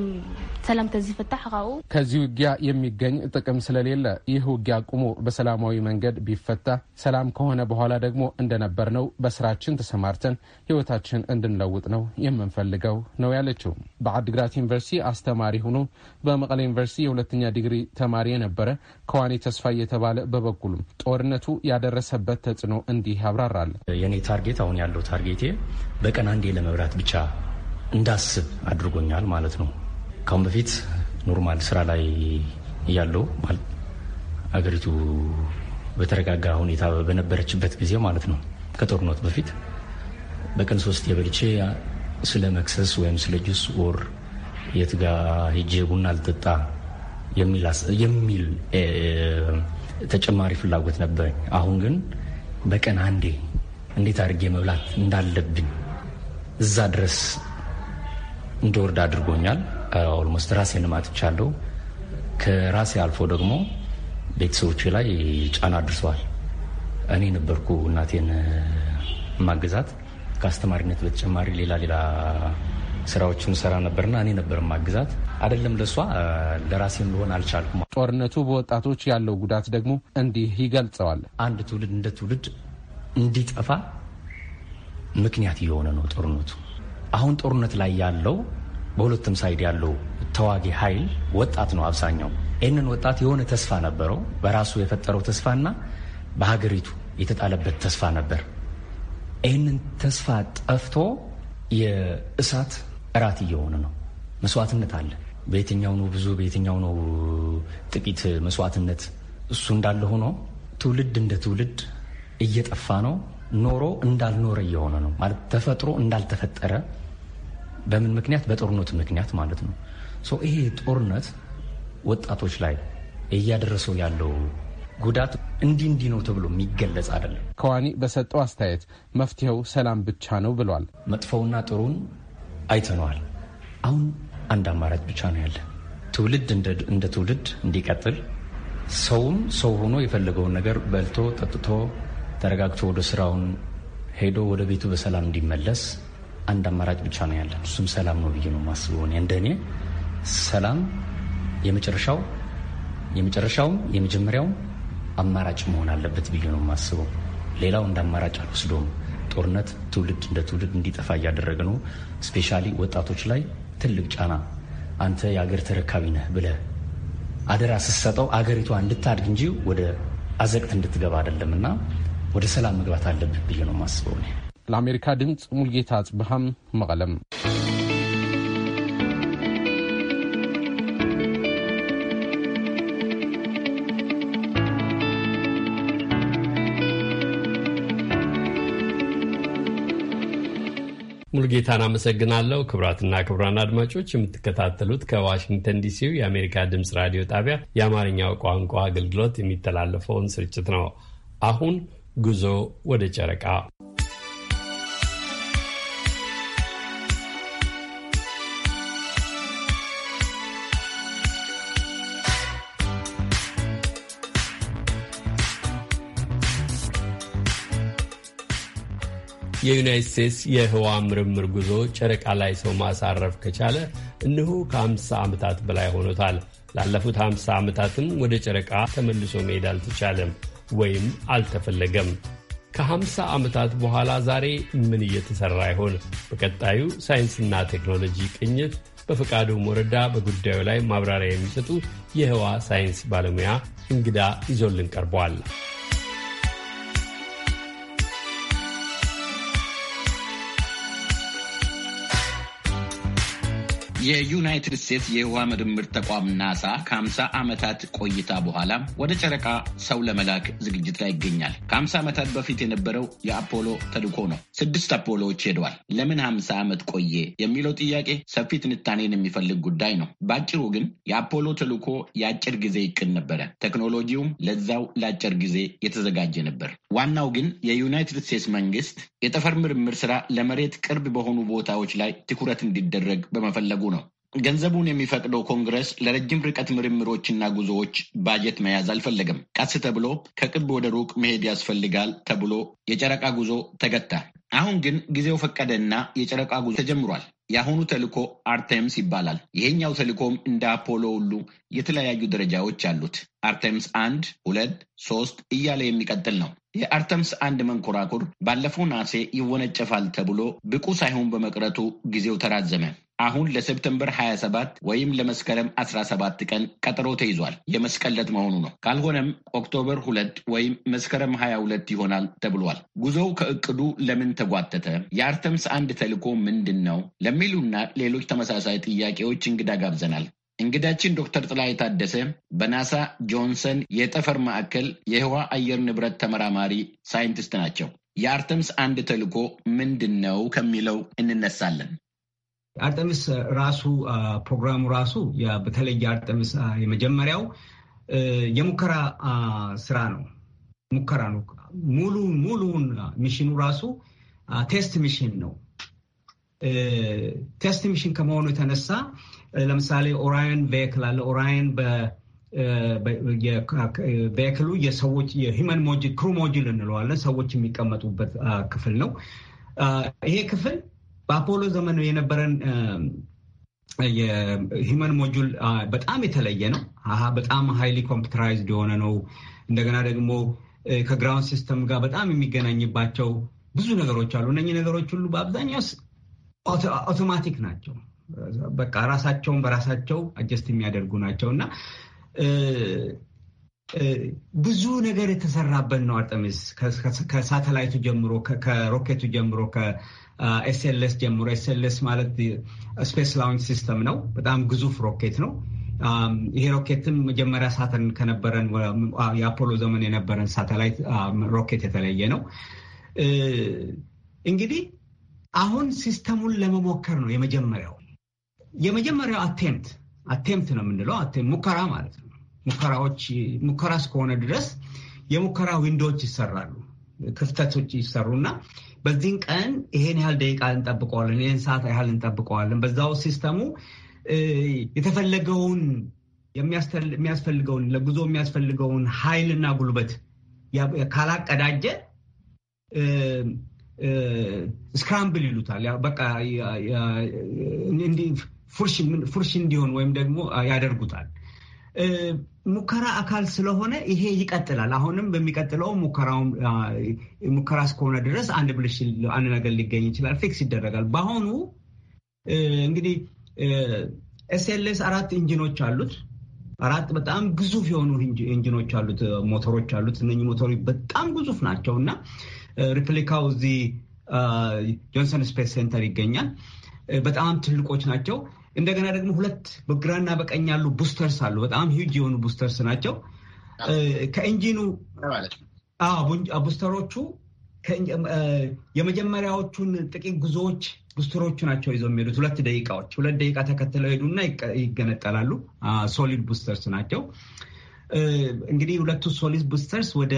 ሰላም ተዝፍታሕ ካብኡ ከዚህ ውጊያ የሚገኝ ጥቅም ስለሌለ ይህ ውጊያ ቁሞ በሰላማዊ መንገድ ቢፈታ ሰላም ከሆነ በኋላ ደግሞ እንደነበር ነው በስራችን ተሰማርተን ህይወታችን እንድንለውጥ ነው የምንፈልገው ነው ያለችው። በአድግራት ዩኒቨርሲቲ አስተማሪ ሆኖ በመቀለ ዩኒቨርሲቲ የሁለተኛ ዲግሪ ተማሪ የነበረ ከዋኔ ተስፋ እየተባለ በበኩሉም ጦርነቱ ያደረሰበት ተጽዕኖ እንዲህ ያብራራል። የእኔ ታርጌት አሁን ያለው ታርጌቴ በቀን አንዴ ለመብራት ብቻ እንዳስብ አድርጎኛል ማለት ነው። ካሁን በፊት ኖርማል ስራ ላይ እያለው አገሪቱ በተረጋጋ ሁኔታ በነበረችበት ጊዜ ማለት ነው ከጦርነት በፊት በቀን ሶስት የበልቼ ስለ መክሰስ ወይም ስለ ጁስ ወር የት ጋ ሄጄ ቡና አልጠጣ የሚል ተጨማሪ ፍላጎት ነበረኝ። አሁን ግን በቀን አንዴ እንዴት አድርጌ መብላት እንዳለብኝ እዛ ድረስ እንድወርድ አድርጎኛል። ኦልሞስት ራሴን ማጥቻለሁ። ከራሴ አልፎ ደግሞ ቤተሰቦቼ ላይ ጫና አድርሰዋል። እኔ ነበርኩ እናቴን ማግዛት። ከአስተማሪነት በተጨማሪ ሌላ ሌላ ስራዎችን ሰራ ነበርና እኔ ነበር ማግዛት። አይደለም ለእሷ ለራሴም ልሆን አልቻልኩም። ጦርነቱ በወጣቶች ያለው ጉዳት ደግሞ እንዲህ ይገልጸዋል። አንድ ትውልድ እንደ ትውልድ እንዲጠፋ ምክንያት እየሆነ ነው ጦርነቱ። አሁን ጦርነት ላይ ያለው በሁለቱም ሳይድ ያለው ተዋጊ ኃይል ወጣት ነው አብዛኛው። ይህንን ወጣት የሆነ ተስፋ ነበረው በራሱ የፈጠረው ተስፋና በሀገሪቱ የተጣለበት ተስፋ ነበር። ይህንን ተስፋ ጠፍቶ የእሳት እራት እየሆነ ነው። መስዋዕትነት አለ። በየትኛው ነው ብዙ፣ በየትኛው ነው ጥቂት መስዋዕትነት። እሱ እንዳለ ሆኖ ትውልድ እንደ ትውልድ እየጠፋ ነው። ኖሮ እንዳልኖረ እየሆነ ነው ማለት ተፈጥሮ እንዳልተፈጠረ በምን ምክንያት? በጦርነቱ ምክንያት ማለት ነው። ይሄ ጦርነት ወጣቶች ላይ እያደረሰው ያለው ጉዳት እንዲህ እንዲህ ነው ተብሎ የሚገለጽ አይደለም። ከዋኒ በሰጠው አስተያየት መፍትሄው ሰላም ብቻ ነው ብሏል። መጥፈውና ጥሩን አይተነዋል። አሁን አንድ አማራጭ ብቻ ነው ያለ ትውልድ እንደ ትውልድ እንዲቀጥል ሰውም ሰው ሆኖ የፈለገውን ነገር በልቶ ጠጥቶ ተረጋግቶ ወደ ስራውን ሄዶ ወደ ቤቱ በሰላም እንዲመለስ አንድ አማራጭ ብቻ ነው ያለን። እሱም ሰላም ነው ብዬ ነው የማስበው። እኔ እንደ እኔ ሰላም የመጨረሻው የመጨረሻውም የመጀመሪያውም አማራጭ መሆን አለበት ብዬ ነው ማስበው። ሌላው እንደ አማራጭ አልወስዶም። ጦርነት ትውልድ እንደ ትውልድ እንዲጠፋ እያደረገ ነው። ስፔሻሊ ወጣቶች ላይ ትልቅ ጫና። አንተ የአገር ተረካቢ ነህ ብለህ አደራ ስትሰጠው አገሪቷ እንድታድግ እንጂ ወደ አዘቅት እንድትገባ አይደለም እና ወደ ሰላም መግባት አለብህ ብዬ ነው የማስበው። ለአሜሪካ ድምፅ ሙልጌታ አጽብሃም መቐለም ሙልጌታን አመሰግናለሁ። ክብራትና ክብራን አድማጮች የምትከታተሉት ከዋሽንግተን ዲሲው የአሜሪካ ድምፅ ራዲዮ ጣቢያ የአማርኛው ቋንቋ አገልግሎት የሚተላለፈውን ስርጭት ነው። አሁን ጉዞ ወደ ጨረቃ የዩናይት ስቴትስ የህዋ ምርምር ጉዞ ጨረቃ ላይ ሰው ማሳረፍ ከቻለ እነሆ ከ50 ዓመታት በላይ ሆኖታል። ላለፉት 50 ዓመታትም ወደ ጨረቃ ተመልሶ መሄድ አልተቻለም ወይም አልተፈለገም። ከ50 ዓመታት በኋላ ዛሬ ምን እየተሠራ ይሆን? በቀጣዩ ሳይንስና ቴክኖሎጂ ቅኝት በፈቃዱ ወረዳ በጉዳዩ ላይ ማብራሪያ የሚሰጡ የህዋ ሳይንስ ባለሙያ እንግዳ ይዞልን ቀርቧል። የዩናይትድ ስቴትስ የህዋ ምርምር ተቋም ናሳ ከ50 ዓመታት ቆይታ በኋላ ወደ ጨረቃ ሰው ለመላክ ዝግጅት ላይ ይገኛል። ከ50 ዓመታት በፊት የነበረው የአፖሎ ተልኮ ነው። ስድስት አፖሎዎች ሄደዋል። ለምን 50 ዓመት ቆየ የሚለው ጥያቄ ሰፊ ትንታኔን የሚፈልግ ጉዳይ ነው። በአጭሩ ግን የአፖሎ ተልኮ የአጭር ጊዜ ይቅል ነበረ። ቴክኖሎጂውም ለዛው ለአጭር ጊዜ የተዘጋጀ ነበር። ዋናው ግን የዩናይትድ ስቴትስ መንግስት የጠፈር ምርምር ስራ ለመሬት ቅርብ በሆኑ ቦታዎች ላይ ትኩረት እንዲደረግ በመፈለጉ ነው። ገንዘቡን የሚፈቅደው ኮንግረስ ለረጅም ርቀት ምርምሮችና ጉዞዎች ባጀት መያዝ አልፈለገም። ቀስ ተብሎ ከቅርብ ወደ ሩቅ መሄድ ያስፈልጋል ተብሎ የጨረቃ ጉዞ ተገታ። አሁን ግን ጊዜው ፈቀደና የጨረቃ ጉዞ ተጀምሯል። የአሁኑ ተልእኮ አርቴምስ ይባላል። ይሄኛው ተልእኮም እንደ አፖሎ ሁሉ የተለያዩ ደረጃዎች አሉት። አርቴምስ አንድ፣ ሁለት፣ ሶስት እያለ የሚቀጥል ነው። የአርተምስ አንድ መንኮራኩር ባለፈው ናሴ ይወነጨፋል ተብሎ ብቁ ሳይሆን በመቅረቱ ጊዜው ተራዘመ። አሁን ለሴፕተምበር 27 ወይም ለመስከረም 17 ቀን ቀጠሮ ተይዟል። የመስቀለት መሆኑ ነው። ካልሆነም ኦክቶበር 2 ወይም መስከረም 22 ይሆናል ተብሏል። ጉዞው ከእቅዱ ለምን ተጓተተ? የአርተምስ አንድ ተልዕኮ ምንድን ነው? ለሚሉና ሌሎች ተመሳሳይ ጥያቄዎች እንግዳ ጋብዘናል። እንግዳችን ዶክተር ጥላይ ታደሰ በናሳ ጆንሰን የጠፈር ማዕከል የህዋ አየር ንብረት ተመራማሪ ሳይንቲስት ናቸው። የአርተምስ አንድ ተልዕኮ ምንድን ነው ከሚለው እንነሳለን። አርጠሚስ ራሱ ፕሮግራሙ ራሱ በተለይ አርጠሚስ የመጀመሪያው የሙከራ ስራ ነው። ሙከራ ነው። ሙሉ ሙሉን ሚሽኑ ራሱ ቴስት ሚሽን ነው። ቴስት ሚሽን ከመሆኑ የተነሳ ለምሳሌ ኦራየን ቬክል አለ። ኦራየን ቬክሉ የሰዎች የሂመን ሞጅል ክሩ ሞጅል እንለዋለን። ሰዎች የሚቀመጡበት ክፍል ነው። ይሄ ክፍል በአፖሎ ዘመን የነበረን የሂመን ሞጁል በጣም የተለየ ነው። በጣም ሃይሊ ኮምፒውተራይዝድ የሆነ ነው። እንደገና ደግሞ ከግራውንድ ሲስተም ጋር በጣም የሚገናኝባቸው ብዙ ነገሮች አሉ። እነኚህ ነገሮች ሁሉ በአብዛኛው አውቶማቲክ ናቸው። በቃ ራሳቸውን በራሳቸው አጀስት የሚያደርጉ ናቸው እና ብዙ ነገር የተሰራበት ነው። አርጠሚስ ከሳተላይቱ ጀምሮ ከሮኬቱ ጀምሮ ከኤስኤልኤስ ጀምሮ ኤስኤልኤስ ማለት ስፔስ ላውንች ሲስተም ነው። በጣም ግዙፍ ሮኬት ነው። ይሄ ሮኬትም መጀመሪያ ሳተን ከነበረን የአፖሎ ዘመን የነበረን ሳተላይት ሮኬት የተለየ ነው። እንግዲህ አሁን ሲስተሙን ለመሞከር ነው የመጀመሪያው የመጀመሪያው አቴምት አቴምት ነው የምንለው ሙከራ ማለት ነው። ሙከራዎች ሙከራ እስከሆነ ድረስ የሙከራ ዊንዶዎች ይሰራሉ፣ ክፍተቶች ይሰሩና በዚህን ቀን ይሄን ያህል ደቂቃ እንጠብቀዋለን፣ ይህን ሰዓት ያህል እንጠብቀዋለን። በዛው ሲስተሙ የተፈለገውን የሚያስፈልገውን ለጉዞ የሚያስፈልገውን ኃይልና ጉልበት ካላቀዳጀ ስክራምብል ይሉታል። በቃ ፉርሽ እንዲሆን ወይም ደግሞ ያደርጉታል። ሙከራ አካል ስለሆነ ይሄ ይቀጥላል። አሁንም በሚቀጥለው ሙከራውም ሙከራ እስከሆነ ድረስ አንድ ብልሽ አንድ ነገር ሊገኝ ይችላል፣ ፊክስ ይደረጋል። በአሁኑ እንግዲህ ኤስኤልኤስ አራት ኢንጂኖች አሉት። አራት በጣም ግዙፍ የሆኑ ኢንጂኖች አሉት፣ ሞተሮች አሉት። እነኚህ ሞተሮች በጣም ግዙፍ ናቸው እና ሪፕሊካው እዚህ ጆንሰን ስፔስ ሴንተር ይገኛል። በጣም ትልቆች ናቸው። እንደገና ደግሞ ሁለት በግራና በቀኝ ያሉ ቡስተርስ አሉ። በጣም ሂውጅ የሆኑ ቡስተርስ ናቸው። ከኢንጂኑ ቡስተሮቹ የመጀመሪያዎቹን ጥቂት ጉዞዎች ቡስተሮቹ ናቸው ይዘው የሚሄዱት ሁለት ደቂቃዎች ሁለት ደቂቃ ተከትለው ሄዱና ይገነጠላሉ። ሶሊድ ቡስተርስ ናቸው። እንግዲህ ሁለቱ ሶሊድ ቡስተርስ ወደ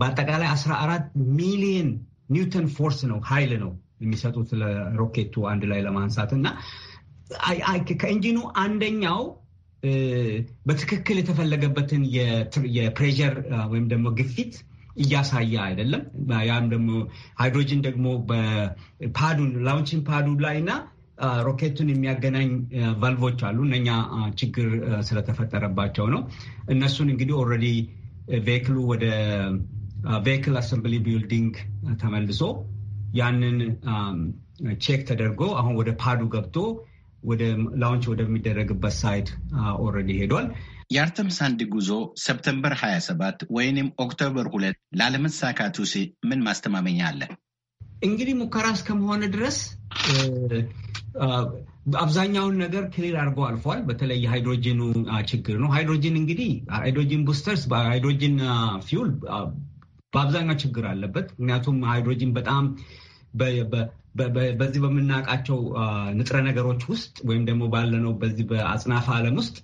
በአጠቃላይ አስራ አራት ሚሊየን ኒውተን ፎርስ ነው ኃይል ነው የሚሰጡት ሮኬቱ አንድ ላይ ለማንሳት እና ከኢንጂኑ አንደኛው በትክክል የተፈለገበትን የፕሬር ወይም ደግሞ ግፊት እያሳየ አይደለም። ያም ደግሞ ሃይድሮጅን ደግሞ በፓዱን ላውንችን ፓዱ ላይ እና ሮኬቱን የሚያገናኝ ቫልቮች አሉ። እነኛ ችግር ስለተፈጠረባቸው ነው። እነሱን እንግዲህ ኦልሬዲ ቬክሉ ወደ ቬክል አሰምብሊ ቢልዲንግ ተመልሶ ያንን ቼክ um, ተደርጎ አሁን ወደ ፓዱ ገብቶ ወደ ላውንች ወደሚደረግበት ሳይት ኦልሬዲ uh, ሄዷል። የአርተምስ አንድ ጉዞ ሰፕተምበር 27 ወይም ኦክቶበር ሁለት ላለመሳካቱስ ምን ማስተማመኛ አለ? እንግዲህ ሙከራ እስከመሆነ ድረስ uh, uh, አብዛኛውን ነገር ክሊር አድርጎ አልፏል። በተለይ ሃይድሮጅኑ ችግር ነው። ሃይድሮጂን እንግዲህ ሃይድሮጅን ቡስተርስ ሃይድሮጂን ፊውል በአብዛኛው ችግር አለበት። ምክንያቱም ሃይድሮጂን በጣም በዚህ በምናውቃቸው ንጥረ ነገሮች ውስጥ ወይም ደግሞ ባለነው በዚህ በአጽናፈ ዓለም ውስጥ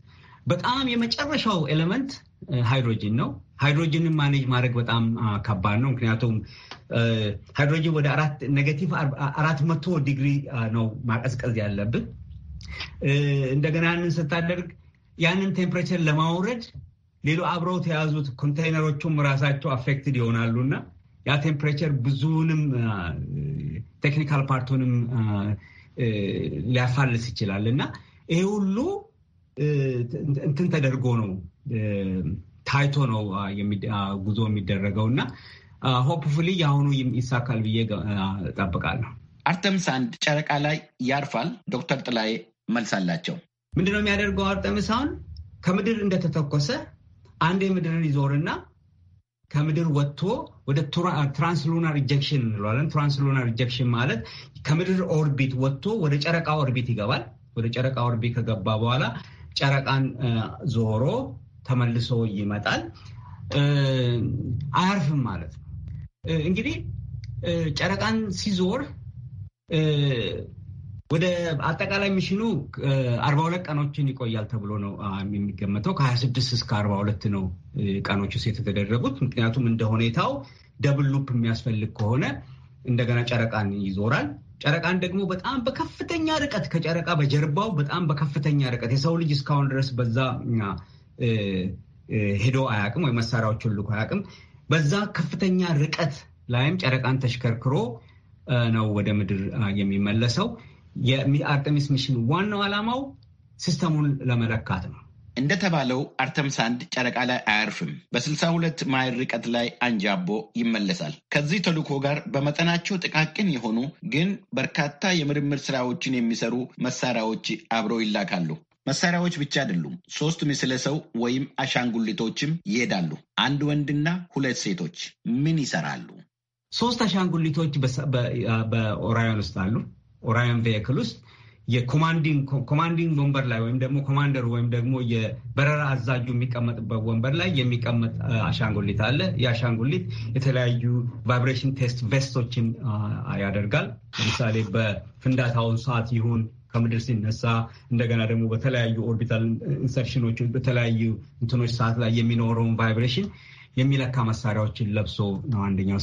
በጣም የመጨረሻው ኤሌመንት ሃይድሮጂን ነው። ሃይድሮጂንን ማኔጅ ማድረግ በጣም ከባድ ነው። ምክንያቱም ሃይድሮጂን ወደ ኔጌቲቭ አራት መቶ ዲግሪ ነው ማቀዝቀዝ ያለብን። እንደገና ያንን ስታደርግ ያንን ቴምፕሬቸር ለማውረድ ሌሎ አብረውት የያዙት ኮንቴይነሮቹም ራሳቸው አፌክትድ ይሆናሉ እና ያ ቴምፕሬቸር ብዙውንም ቴክኒካል ፓርቱንም ሊያፋልስ ይችላል እና ይሄ ሁሉ እንትን ተደርጎ ነው ታይቶ ነው ጉዞ የሚደረገው እና ሆፕፉሊ የአሁኑ ይሳካል ብዬ እጠብቃለሁ። አርተምስ አንድ ጨረቃ ላይ ያርፋል። ዶክተር ጥላዬ መልስ አላቸው። ምንድነው የሚያደርገው? አርተምስ አሁን ከምድር እንደተተኮሰ አንድ የምድርን ይዞርና ከምድር ወጥቶ ወደ ትራንስሉናር ኢጀክሽን እንለዋለን። ትራንስሉናር ኢጀክሽን ማለት ከምድር ኦርቢት ወጥቶ ወደ ጨረቃ ኦርቢት ይገባል። ወደ ጨረቃ ኦርቢት ከገባ በኋላ ጨረቃን ዞሮ ተመልሶ ይመጣል። አያርፍም ማለት ነው። እንግዲህ ጨረቃን ሲዞር ወደ አጠቃላይ ሚሽኑ አርባ ሁለት ቀኖችን ይቆያል ተብሎ ነው የሚገመተው። ከሀያ ስድስት እስከ አርባ ሁለት ነው ቀኖች ውስጥ የተደረጉት። ምክንያቱም እንደ ሁኔታው ደብል ሉፕ የሚያስፈልግ ከሆነ እንደገና ጨረቃን ይዞራል። ጨረቃን ደግሞ በጣም በከፍተኛ ርቀት ከጨረቃ በጀርባው በጣም በከፍተኛ ርቀት የሰው ልጅ እስካሁን ድረስ በዛ ሄዶ አያውቅም፣ ወይ መሳሪያዎችን ልኮ አያውቅም። በዛ ከፍተኛ ርቀት ላይም ጨረቃን ተሽከርክሮ ነው ወደ ምድር የሚመለሰው። የአርተሚስ ሚሽን ዋናው ዓላማው ሲስተሙን ለመለካት ነው። እንደተባለው አርተምስ አንድ ጨረቃ ላይ አያርፍም። በስልሳ ሁለት ማይል ርቀት ላይ አንጃቦ ይመለሳል። ከዚህ ተልዕኮ ጋር በመጠናቸው ጥቃቅን የሆኑ ግን በርካታ የምርምር ስራዎችን የሚሰሩ መሳሪያዎች አብረው ይላካሉ። መሳሪያዎች ብቻ አይደሉም። ሶስት ምስለ ሰው ወይም አሻንጉሊቶችም ይሄዳሉ። አንድ ወንድና ሁለት ሴቶች ምን ይሰራሉ? ሶስት አሻንጉሊቶች በኦራዮን ውስጥ አሉ። ኦራዮን ቬክል ውስጥ የኮማንዲንግ ወንበር ላይ ወይም ደግሞ ኮማንደሩ ወይም ደግሞ የበረራ አዛጁ የሚቀመጥበት ወንበር ላይ የሚቀመጥ አሻንጉሊት አለ። ይህ አሻንጉሊት የተለያዩ ቫይብሬሽን ቴስት ቬስቶችን ያደርጋል። ለምሳሌ በፍንዳታውን ሰዓት ይሁን ከምድር ሲነሳ እንደገና ደግሞ በተለያዩ ኦርቢታል ኢንሰርሽኖች በተለያዩ እንትኖች ሰዓት ላይ የሚኖረውን ቫይብሬሽን የሚለካ መሳሪያዎችን ለብሶ ነው አንደኛው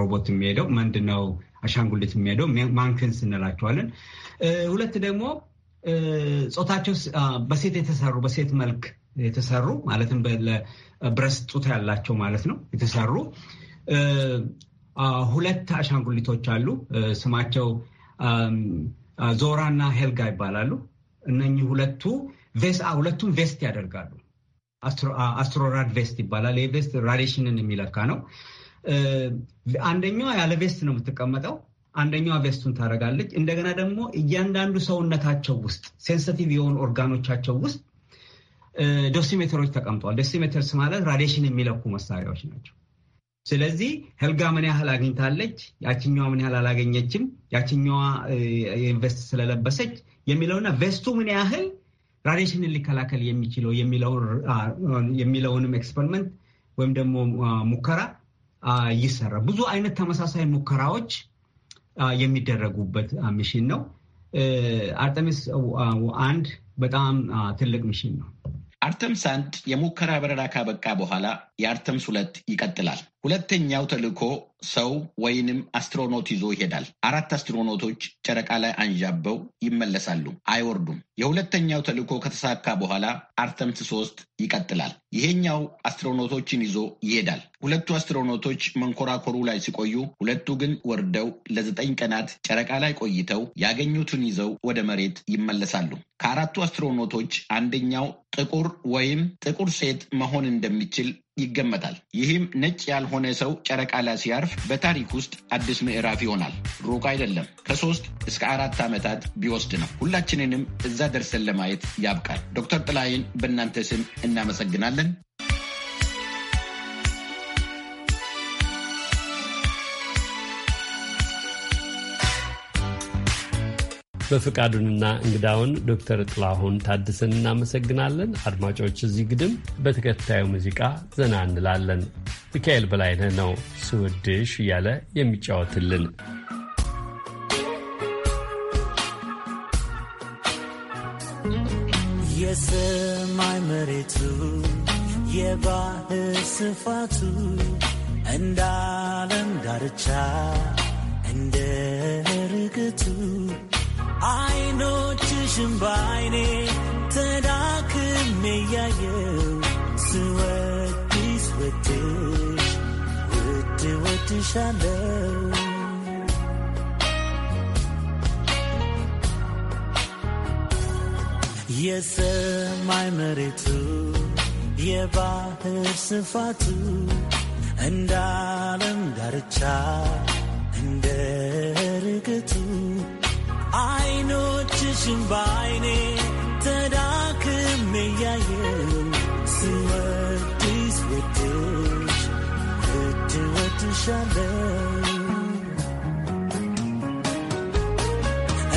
ሮቦት የሚሄደው። ምንድነው አሻንጉሊት የሚሄደው ማንክን ስንላቸዋለን። ሁለት ደግሞ ጾታቸው በሴት የተሰሩ በሴት መልክ የተሰሩ ማለትም ብረስት ጡት ያላቸው ማለት ነው የተሰሩ ሁለት አሻንጉሊቶች አሉ። ስማቸው ዞራ እና ሄልጋ ይባላሉ። እነኚህ ሁለቱ ሁለቱም ቬስት ያደርጋሉ። አስትሮራድ ቬስት ይባላል። ይህ ቬስት ራዲሽንን የሚለካ ነው። አንደኛዋ ያለ ቬስት ነው የምትቀመጠው። አንደኛዋ ቬስቱን ታደርጋለች። እንደገና ደግሞ እያንዳንዱ ሰውነታቸው ውስጥ ሴንስቲቭ የሆኑ ኦርጋኖቻቸው ውስጥ ዶሲሜተሮች ተቀምጠዋል። ዶሲሜተርስ ማለት ራዲሽን የሚለኩ መሳሪያዎች ናቸው። ስለዚህ ህልጋ ምን ያህል አግኝታለች፣ ያችኛዋ ምን ያህል አላገኘችም፣ ያችኛዋ ቬስት ስለለበሰች የሚለውና ቬስቱ ምን ያህል ራዲሽንን ሊከላከል የሚችለው የሚለውንም ኤክስፐሪመንት ወይም ደግሞ ሙከራ ይሰራ። ብዙ አይነት ተመሳሳይ ሙከራዎች የሚደረጉበት ሚሽን ነው። አርተሚስ አንድ በጣም ትልቅ ሚሽን ነው። አርተምስ አንድ የሙከራ በረራ ካበቃ በኋላ የአርተምስ ሁለት ይቀጥላል። ሁለተኛው ተልዕኮ ሰው ወይንም አስትሮኖት ይዞ ይሄዳል። አራት አስትሮኖቶች ጨረቃ ላይ አንዣበው ይመለሳሉ፣ አይወርዱም። የሁለተኛው ተልዕኮ ከተሳካ በኋላ አርተምስ ሶስት ይቀጥላል። ይሄኛው አስትሮኖቶችን ይዞ ይሄዳል። ሁለቱ አስትሮኖቶች መንኮራኮሩ ላይ ሲቆዩ፣ ሁለቱ ግን ወርደው ለዘጠኝ ቀናት ጨረቃ ላይ ቆይተው ያገኙትን ይዘው ወደ መሬት ይመለሳሉ። ከአራቱ አስትሮኖቶች አንደኛው ጥቁር ወይም ጥቁር ሴት መሆን እንደሚችል ይገመታል። ይህም ነጭ ያልሆነ ሰው ጨረቃ ላይ ሲያርፍ በታሪክ ውስጥ አዲስ ምዕራፍ ይሆናል። ሩቅ አይደለም፣ ከሶስት እስከ አራት ዓመታት ቢወስድ ነው። ሁላችንንም እዛ ደርሰን ለማየት ያብቃል። ዶክተር ጥላይን በእናንተ ስም እናመሰግናለን። በፍቃዱንና እንግዳውን ዶክተር ጥላሁን ታድሰን እናመሰግናለን። አድማጮች፣ እዚህ ግድም በተከታዩ ሙዚቃ ዘና እንላለን። ሚካኤል በላይነህ ነው ስውድሽ እያለ የሚጫወትልን። የሰማይ መሬቱ የባህር ስፋቱ እንደ ዳርቻ እንደ ርግቱ አይኖችሽም ባይኔ ተዳክሜ ያየው ስወድሽ ወድሽ ውድ ወድሻለው የሰማይ መሬቱ የባህር ስፋቱ እንደ ዓለም ዳርቻ እንደ ርግቱ ስምሽን ባይኔ ተዳክሜ እያየው ስወድሽ ወድሽ ወድ ወድሻለው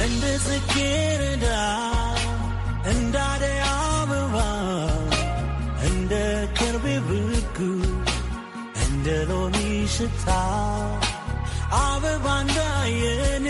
እንደ ጽጌረዳ እንደ አደይ አበባ እንደ ከርቤ ብጉ እንደ ሎሚ ሽታ አበባ እንዳየን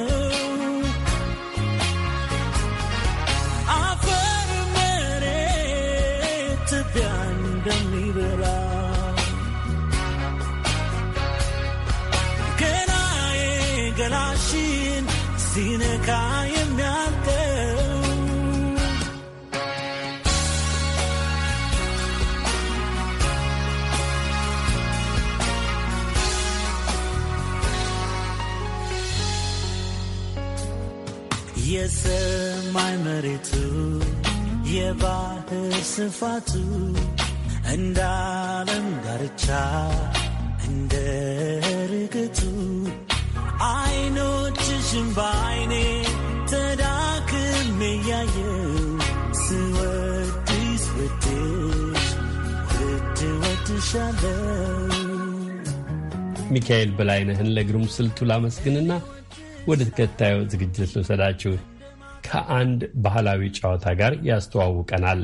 ሲነካ የሚያልቀው የሰማይ መሬቱ የባህር ስፋቱ እንደ ዓለም ዳርቻ እንደ ርግቱ ረዥም በዓይኔ ተዳክሜ እያየው ስወድስ ወድሽ ወድሻለው። ሚካኤል በላይነህን ለግሩም ስልቱ ላመስግንና ወደ ተከታዩ ዝግጅት ልውሰዳችሁ። ከአንድ ባህላዊ ጨዋታ ጋር ያስተዋውቀናል።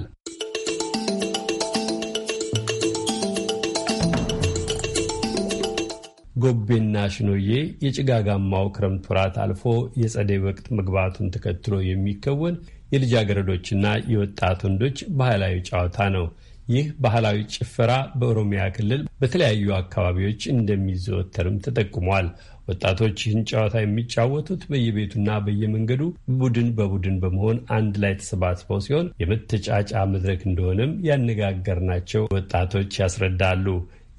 ጎቤና ሽኖዬ የጭጋጋማው ክረምት ወራት አልፎ የጸደይ ወቅት መግባቱን ተከትሎ የሚከወን የልጃገረዶችና የወጣት ወንዶች ባህላዊ ጨዋታ ነው። ይህ ባህላዊ ጭፈራ በኦሮሚያ ክልል በተለያዩ አካባቢዎች እንደሚዘወተርም ተጠቁሟል። ወጣቶች ይህን ጨዋታ የሚጫወቱት በየቤቱና በየመንገዱ ቡድን በቡድን በመሆን አንድ ላይ ተሰባስበው ሲሆን የመተጫጫ መድረክ እንደሆነም ያነጋገርናቸው ወጣቶች ያስረዳሉ።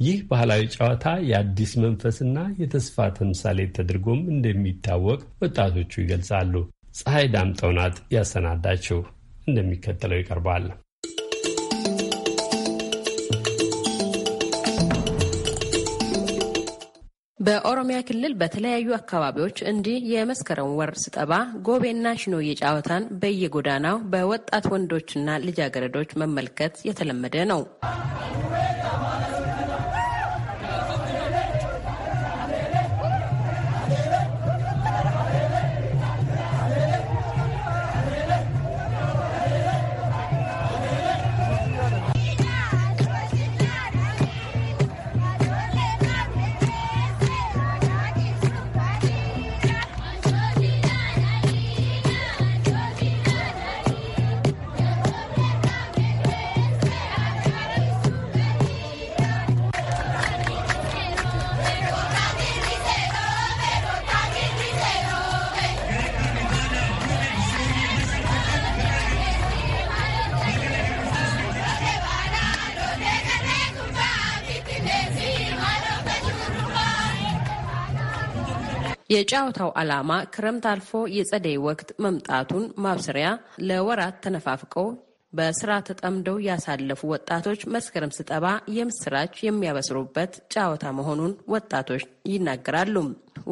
ይህ ባህላዊ ጨዋታ የአዲስ መንፈስና የተስፋ ተምሳሌት ተደርጎም እንደሚታወቅ ወጣቶቹ ይገልጻሉ። ፀሐይ ዳምጠው ናት ያሰናዳችው፣ እንደሚከተለው ይቀርባል። በኦሮሚያ ክልል በተለያዩ አካባቢዎች እንዲህ የመስከረም ወር ስጠባ ጎቤና ሽኖዬ ጨዋታን በየጎዳናው በወጣት ወንዶችና ልጃገረዶች መመልከት የተለመደ ነው። የጨዋታው ዓላማ ክረምት አልፎ የጸደይ ወቅት መምጣቱን ማብሰሪያ ለወራት ተነፋፍቀው በስራ ተጠምደው ያሳለፉ ወጣቶች መስከረም ስጠባ የምስራች የሚያበስሩበት ጨዋታ መሆኑን ወጣቶች ይናገራሉ።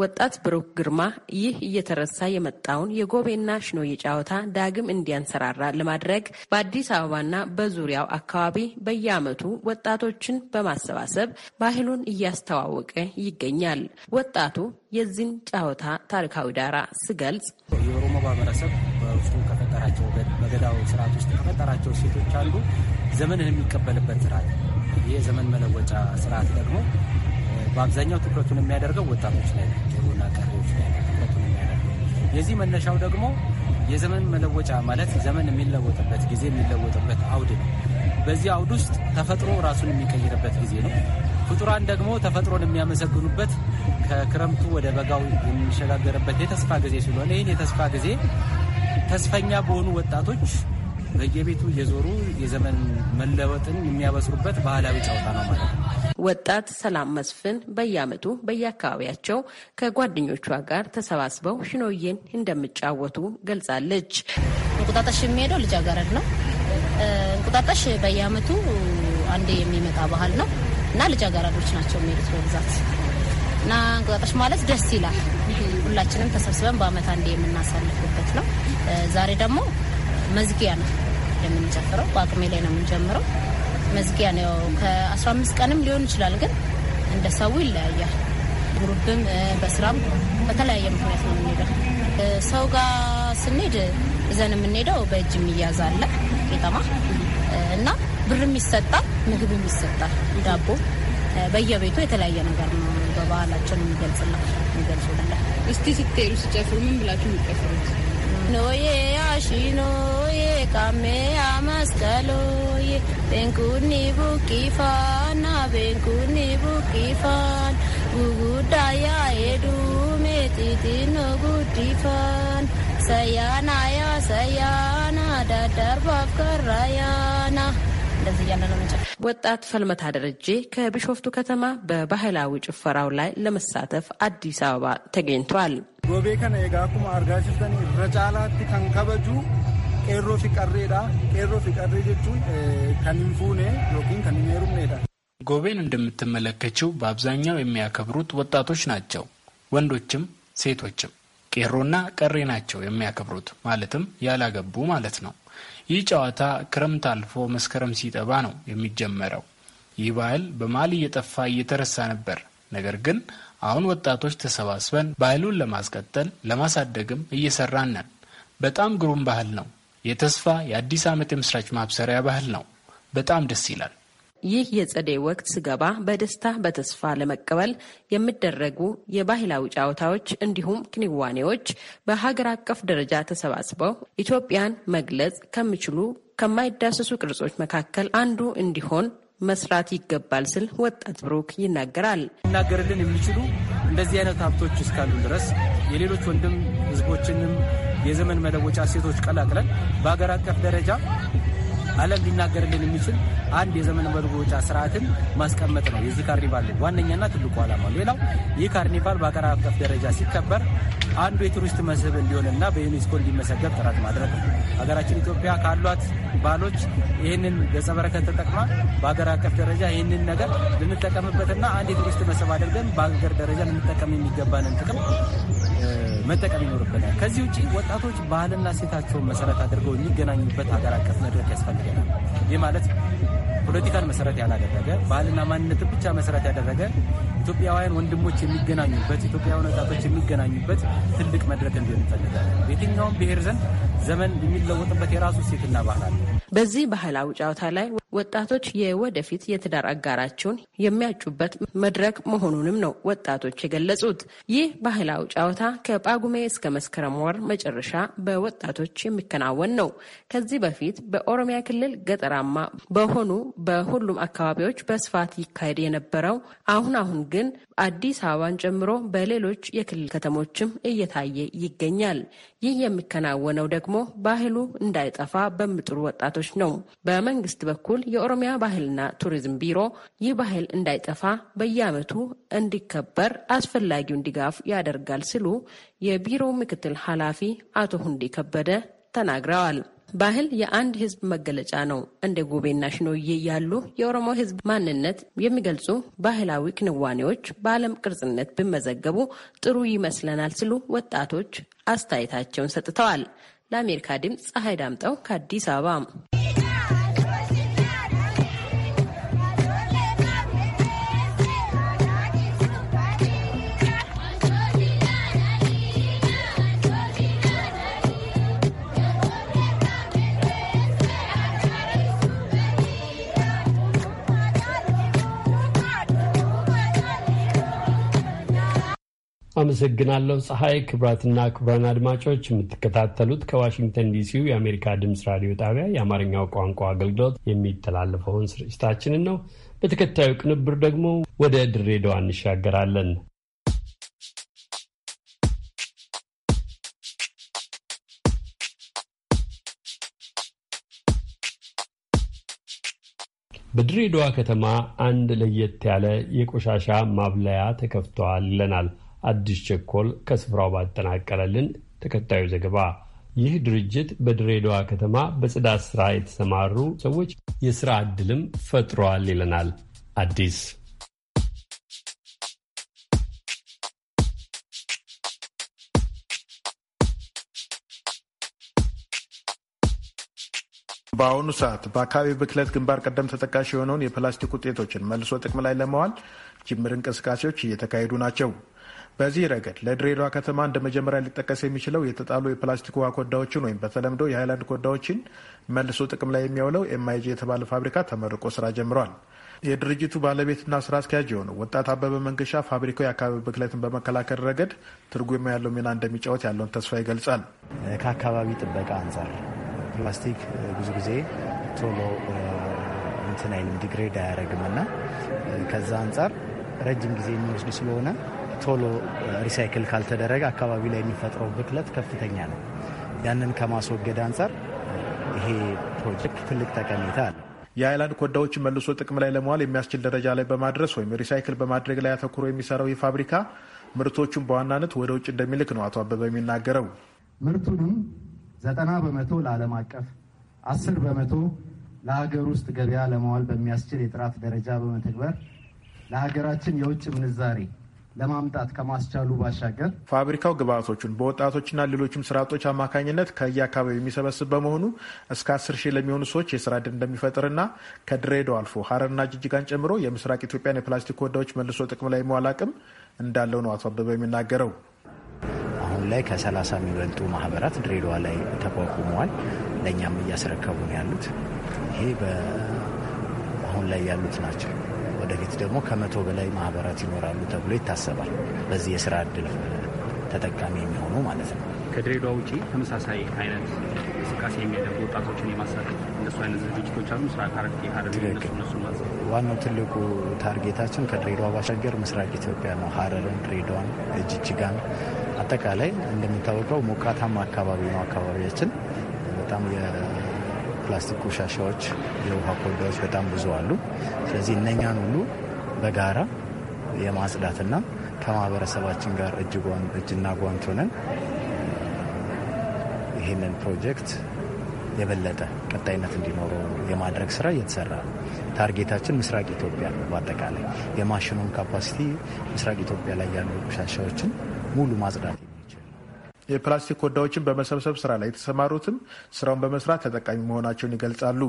ወጣት ብሩክ ግርማ ይህ እየተረሳ የመጣውን የጎቤና ሽኖዬ ጨዋታ ዳግም እንዲያንሰራራ ለማድረግ በአዲስ አበባና በዙሪያው አካባቢ በየዓመቱ ወጣቶችን በማሰባሰብ ባህሉን እያስተዋወቀ ይገኛል። ወጣቱ የዚህን ጨዋታ ታሪካዊ ዳራ ሲገልጽ የኦሮሞ ማህበረሰብ በውስጡ ከፈጠራቸው በገዳው ስርዓት ውስጥ ከፈጠራቸው ሴቶች አሉ ዘመንን የሚቀበልበት ስርዓት ይህ የዘመን መለወጫ ስርዓት ደግሞ በአብዛኛው ትኩረቱን የሚያደርገው ወጣቶች ላይ ጥሩና ቀሪዎች ላይ ትኩረቱን የሚያደርገው የዚህ መነሻው ደግሞ የዘመን መለወጫ ማለት ዘመን የሚለወጥበት ጊዜ የሚለወጥበት አውድ ነው። በዚህ አውድ ውስጥ ተፈጥሮ ራሱን የሚቀይርበት ጊዜ ነው። ፍጡራን ደግሞ ተፈጥሮን የሚያመሰግኑበት ከክረምቱ ወደ በጋው የሚሸጋገርበት የተስፋ ጊዜ ስለሆነ ይህን የተስፋ ጊዜ ተስፈኛ በሆኑ ወጣቶች በየቤቱ የዞሩ የዘመን መለወጥን የሚያበስሩበት ባህላዊ ጨዋታ ነው ማለት ነው። ወጣት ሰላም መስፍን በየዓመቱ በየአካባቢያቸው ከጓደኞቿ ጋር ተሰባስበው ሽኖዬን እንደሚጫወቱ ገልጻለች። እንቁጣጣሽ የሚሄደው ልጃገረድ ነው። እንቁጣጣሽ በየዓመቱ አንዴ የሚመጣ ባህል ነው እና ልጃገረዶች ናቸው የሚሄዱት በብዛት እና እንቁጣጣሽ ማለት ደስ ይላል። ሁላችንም ተሰብስበን በዓመት አንዴ የምናሳልፍበት ነው። ዛሬ ደግሞ መዝጊያ ነው የምንጨፍረው። በአቅሜ ላይ ነው የምንጀምረው። መዝጊያ ነው። ከ15 ቀንም ሊሆን ይችላል፣ ግን እንደ ሰው ይለያያል። ግሩፕም በስራም በተለያየ ምክንያት ነው የምንሄደው። ሰው ጋር ስንሄድ እዘን የምንሄደው በእጅ የሚያዝ አለ ቄጠማ እና ብርም ይሰጣል፣ ምግብም ይሰጣል፣ ዳቦ በየቤቱ የተለያየ ነገር ነው። በባህላችን የሚገልጽላ የሚገልጹ እስቲ ስትሄዱ ሲጨፍሩ ምን ብላችሁ የሚጨፍሩት? ኖዬ አሺኖዬ ቃሜያ ማስቀሎዬ ቤንኩኒ ቡቂፋና ቤንኩኒ ቡቂፋን ጉጉዳያ ኤዱሜ ጢጢኖ ጉዲፋን ሰያናያ ሰያና ዳዳርባፍ ከራያና ወጣት ፈልመታ ደረጀ ከቢሾፍቱ ከተማ በባህላዊ ጭፈራው ላይ ለመሳተፍ አዲስ አበባ ተገኝቷል። gobee kana egaa akkuma argaa jirtan irra caalaatti kan kabaju qeerroo fi qarreedha. Qeerroo fi qarree jechuun kan hin fuune yookiin kan hin heerumneedha. ጎቤን እንደምትመለከችው በአብዛኛው የሚያከብሩት ወጣቶች ናቸው። ወንዶችም ሴቶችም ቄሮና ቀሬ ናቸው የሚያከብሩት፣ ማለትም ያላገቡ ማለት ነው። ይህ ጨዋታ ክረምት አልፎ መስከረም ሲጠባ ነው የሚጀመረው። ይህ ባህል በመሃል እየጠፋ እየተረሳ ነበር። ነገር ግን አሁን ወጣቶች ተሰባስበን ባህሉን ለማስቀጠል ለማሳደግም እየሰራን ነን። በጣም ግሩም ባህል ነው። የተስፋ የአዲስ ዓመት የምስራች ማብሰሪያ ባህል ነው። በጣም ደስ ይላል። ይህ የጸደይ ወቅት ስገባ በደስታ በተስፋ ለመቀበል የሚደረጉ የባህላዊ ጨዋታዎች እንዲሁም ክንዋኔዎች በሀገር አቀፍ ደረጃ ተሰባስበው ኢትዮጵያን መግለጽ ከሚችሉ ከማይዳሰሱ ቅርጾች መካከል አንዱ እንዲሆን መስራት ይገባል ስል ወጣት ብሩክ ይናገራል። ይናገርልን የሚችሉ እንደዚህ አይነት ሀብቶች እስካሉ ድረስ የሌሎች ወንድም ህዝቦችንም የዘመን መለወጫ ሴቶች ቀላቅለን በሀገር አቀፍ ደረጃ ዓለም ሊናገርልን የሚችል አንድ የዘመን መለወጫ ስርዓትን ማስቀመጥ ነው የዚህ ካርኒቫል ዋነኛና ትልቁ ዓላማ። ሌላው ይህ ካርኒቫል በአገር አቀፍ ደረጃ ሲከበር አንዱ የቱሪስት መስህብ እንዲሆንና በዩኔስኮ እንዲመሰገብ ጥረት ማድረግ ነው። ሀገራችን ኢትዮጵያ ካሏት ባሎች ይህንን ገጸ በረከት ተጠቅማ በሀገር አቀፍ ደረጃ ይህንን ነገር ልንጠቀምበትና አንድ የቱሪስት መስህብ አድርገን በሀገር ደረጃ ልንጠቀም የሚገባንን ጥቅም መጠቀም ይኖርበታል። ከዚህ ውጭ ወጣቶች ባህልና ሴታቸውን መሰረት አድርገው የሚገናኙበት ሀገር አቀፍ መድረክ ያስፈልገናል። ይህ ማለት ፖለቲካን መሰረት ያላደረገ ባህልና ማንነት ብቻ መሰረት ያደረገ ኢትዮጵያውያን ወንድሞች የሚገናኙበት ኢትዮጵያውያን ወጣቶች የሚገናኙበት ትልቅ መድረክ እንዲሆን ይፈልጋል። የትኛውም ብሔር ዘንድ ዘመን የሚለወጥበት የራሱ ሴትና ባህል አለ። በዚህ ባህላዊ ጨዋታ ላይ ወጣቶች የወደፊት የትዳር አጋራቸውን የሚያጩበት መድረክ መሆኑንም ነው ወጣቶች የገለጹት። ይህ ባህላዊ ጨዋታ ከጳጉሜ እስከ መስከረም ወር መጨረሻ በወጣቶች የሚከናወን ነው። ከዚህ በፊት በኦሮሚያ ክልል ገጠራማ በሆኑ በሁሉም አካባቢዎች በስፋት ይካሄድ የነበረው አሁን አሁን ግን አዲስ አበባን ጨምሮ በሌሎች የክልል ከተሞችም እየታየ ይገኛል። ይህ የሚከናወነው ደግሞ ባህሉ እንዳይጠፋ በሚጥሩ ወጣቶች ነው። በመንግስት በኩል የኦሮሚያ ባህልና ቱሪዝም ቢሮ ይህ ባህል እንዳይጠፋ በየዓመቱ እንዲከበር አስፈላጊውን ድጋፍ ያደርጋል ሲሉ የቢሮው ምክትል ኃላፊ አቶ ሁንዴ ከበደ ተናግረዋል። ባህል የአንድ ህዝብ መገለጫ ነው። እንደ ጎቤና ሽኖዬ ያሉ የኦሮሞ ህዝብ ማንነት የሚገልጹ ባህላዊ ክንዋኔዎች በዓለም ቅርጽነት ቢመዘገቡ ጥሩ ይመስለናል ሲሉ ወጣቶች አስተያየታቸውን ሰጥተዋል። ለአሜሪካ ድምፅ ፀሐይ ዳምጠው ከአዲስ አበባ አመሰግናለሁ ፀሐይ። ክብራትና ክብራን አድማጮች የምትከታተሉት ከዋሽንግተን ዲሲው የአሜሪካ ድምፅ ራዲዮ ጣቢያ የአማርኛው ቋንቋ አገልግሎት የሚተላለፈውን ስርጭታችንን ነው። በተከታዩ ቅንብር ደግሞ ወደ ድሬዳዋ እንሻገራለን። በድሬዳዋ ከተማ አንድ ለየት ያለ የቆሻሻ ማብላያ ተከፍተዋል ይለናል አዲስ ቸኮል ከስፍራው ባጠናቀረልን ተከታዩ ዘገባ ይህ ድርጅት በድሬዳዋ ከተማ በጽዳት ስራ የተሰማሩ ሰዎች የስራ ዕድልም ፈጥሯል ይለናል። አዲስ በአሁኑ ሰዓት በአካባቢ ብክለት ግንባር ቀደም ተጠቃሽ የሆነውን የፕላስቲክ ውጤቶችን መልሶ ጥቅም ላይ ለመዋል ጅምር እንቅስቃሴዎች እየተካሄዱ ናቸው። በዚህ ረገድ ለድሬዳዋ ከተማ እንደ መጀመሪያ ሊጠቀስ የሚችለው የተጣሉ የፕላስቲክ ውሃ ኮዳዎችን ወይም በተለምዶ የሃይላንድ ኮዳዎችን መልሶ ጥቅም ላይ የሚያውለው ኤምአይጂ የተባለ ፋብሪካ ተመርቆ ስራ ጀምሯል። የድርጅቱ ባለቤትና ስራ አስኪያጅ የሆነው ወጣት አበበ መንገሻ ፋብሪካው የአካባቢ ብክለትን በመከላከል ረገድ ትርጉም ያለው ሚና እንደሚጫወት ያለውን ተስፋ ይገልጻል። ከአካባቢ ጥበቃ አንጻር ፕላስቲክ ብዙ ጊዜ ቶሎ እንትን አይልም፣ ዲግሬድ አያደርግም እና ከዛ አንጻር ረጅም ጊዜ የሚወስድ ስለሆነ ቶሎ ሪሳይክል ካልተደረገ አካባቢ ላይ የሚፈጥረው ብክለት ከፍተኛ ነው። ያንን ከማስወገድ አንጻር ይሄ ፕሮጀክት ትልቅ ጠቀሜታ አለ። የአይላንድ ኮዳዎችን መልሶ ጥቅም ላይ ለመዋል የሚያስችል ደረጃ ላይ በማድረስ ወይም ሪሳይክል በማድረግ ላይ አተኩሮ የሚሰራው ይህ ፋብሪካ ምርቶቹን በዋናነት ወደ ውጭ እንደሚልክ ነው አቶ አበበ የሚናገረው። ምርቱንም ዘጠና በመቶ ለዓለም አቀፍ አስር በመቶ ለሀገር ውስጥ ገበያ ለመዋል በሚያስችል የጥራት ደረጃ በመተግበር ለሀገራችን የውጭ ምንዛሬ ለማምጣት ከማስቻሉ ባሻገር ፋብሪካው ግብአቶቹን በወጣቶችና ሌሎችም ስርዓቶች አማካኝነት ከየአካባቢው የሚሰበስብ በመሆኑ እስከ አስር ሺህ ለሚሆኑ ሰዎች የስራ ዕድል እንደሚፈጥርና ከድሬዳዋ አልፎ ሀረርና ጅጅጋን ጨምሮ የምስራቅ ኢትዮጵያን የፕላስቲክ ወዳዎች መልሶ ጥቅም ላይ የመዋል አቅም እንዳለው ነው አቶ አበበ የሚናገረው። አሁን ላይ ከሰላሳ የሚበልጡ ማህበራት ድሬዳዋ ላይ ተቋቁመዋል። ለእኛም እያስረከቡ ነው ያሉት። ይሄ አሁን ላይ ያሉት ናቸው። ወደፊት ደግሞ ከመቶ በላይ ማህበራት ይኖራሉ ተብሎ ይታሰባል። በዚህ የስራ እድል ተጠቃሚ የሚሆኑ ማለት ነው። ከድሬዳዋ ውጪ ተመሳሳይ አይነት እንቅስቃሴ የሚያደርጉ ወጣቶችን የማሳተፍ እነሱ አይነት ዝግጅቶች አሉ። ምስራቅ ሀረርጌ ዋናው ትልቁ ታርጌታችን ከድሬዳዋ ባሻገር ምስራቅ ኢትዮጵያ ነው። ሀረርን፣ ድሬዳዋን፣ እጅጅጋን አጠቃላይ እንደሚታወቀው ሞቃታማ አካባቢ ነው አካባቢያችን በጣም የፕላስቲክ ቆሻሻዎች፣ የውሃ ኮዳዎች በጣም ብዙ አሉ። ስለዚህ እነኛን ሁሉ በጋራ የማጽዳትና ከማህበረሰባችን ጋር እጅና ጓንት ሆነን ይህንን ፕሮጀክት የበለጠ ቀጣይነት እንዲኖረው የማድረግ ስራ እየተሰራ ነው። ታርጌታችን ምስራቅ ኢትዮጵያ ነው። በአጠቃላይ የማሽኑን ካፓሲቲ ምስራቅ ኢትዮጵያ ላይ ያሉ ቆሻሻዎችን ሙሉ ማጽዳት የፕላስቲክ ኮዳዎችን በመሰብሰብ ስራ ላይ የተሰማሩትም ስራውን በመስራት ተጠቃሚ መሆናቸውን ይገልጻሉ።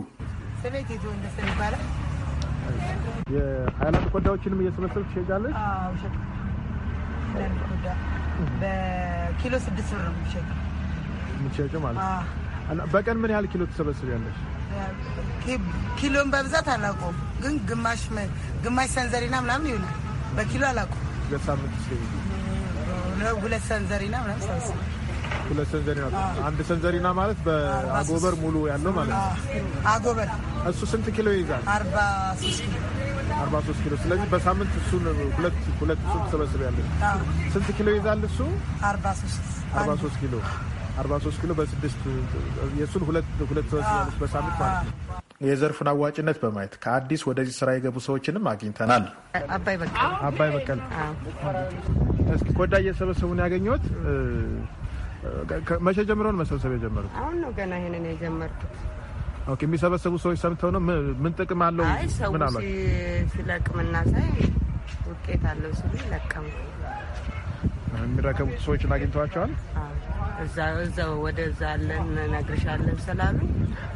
የሀይላንድ ኮዳዎችንም እየሰበሰብ ትሸጫለሽ? በኪሎ ስድስት ብር ነው የምትሸጪው ማለት ነው። በቀን ምን ያህል ኪሎ ትሰበስቢያለሽ? ኪሎን በብዛት አላውቀውም፣ ግን ግማሽ ግማሽ ሰንዘሪና ምናምን ይሆናል። በኪሎ አላውቀውም። ሁለት ሰንዘሪና ምናምን ሁለት ሰንዘሪና አንድ ሰንዘሪና ማለት በአጎበር ሙሉ ያለው ማለት ነው። አጎበር እሱ ስንት ኪሎ ይይዛል? አርባ ሶስት ኪሎ ስለዚህ በሳምንት እሱን ሁለት ሁለት እሱን ትሰበስብ ስንት ኪሎ ይይዛል እሱ? አርባ ሶስት ኪሎ አርባ ሶስት ኪሎ በስድስት የእሱን ሁለት ሁለት ትሰበስብ በሳምንት ማለት ነው። የዘርፉን አዋጭነት በማየት ከአዲስ ወደዚህ ስራ የገቡ ሰዎችንም አግኝተናል። አባይ በቀል በቀል እስኪ ኮዳ እየሰበሰቡን ያገኘሁት መቼ ጀምሮ ነው መሰብሰብ የጀመሩት? አሁን ነው ገና ይሄንን የጀመርኩት። ኦኬ የሚሰበሰቡ ሰዎች ሰምተው ነው ምን ጥቅም አለው? ምን አሏቸው? ሲለቅምና ሳይ ውጤት አለው ሲሉ ለቀም። የሚረከቡት ሰዎችን አግኝተዋቸዋል። እዛ እዛው ወደዛ አለን እነግርሻለን ስላሉ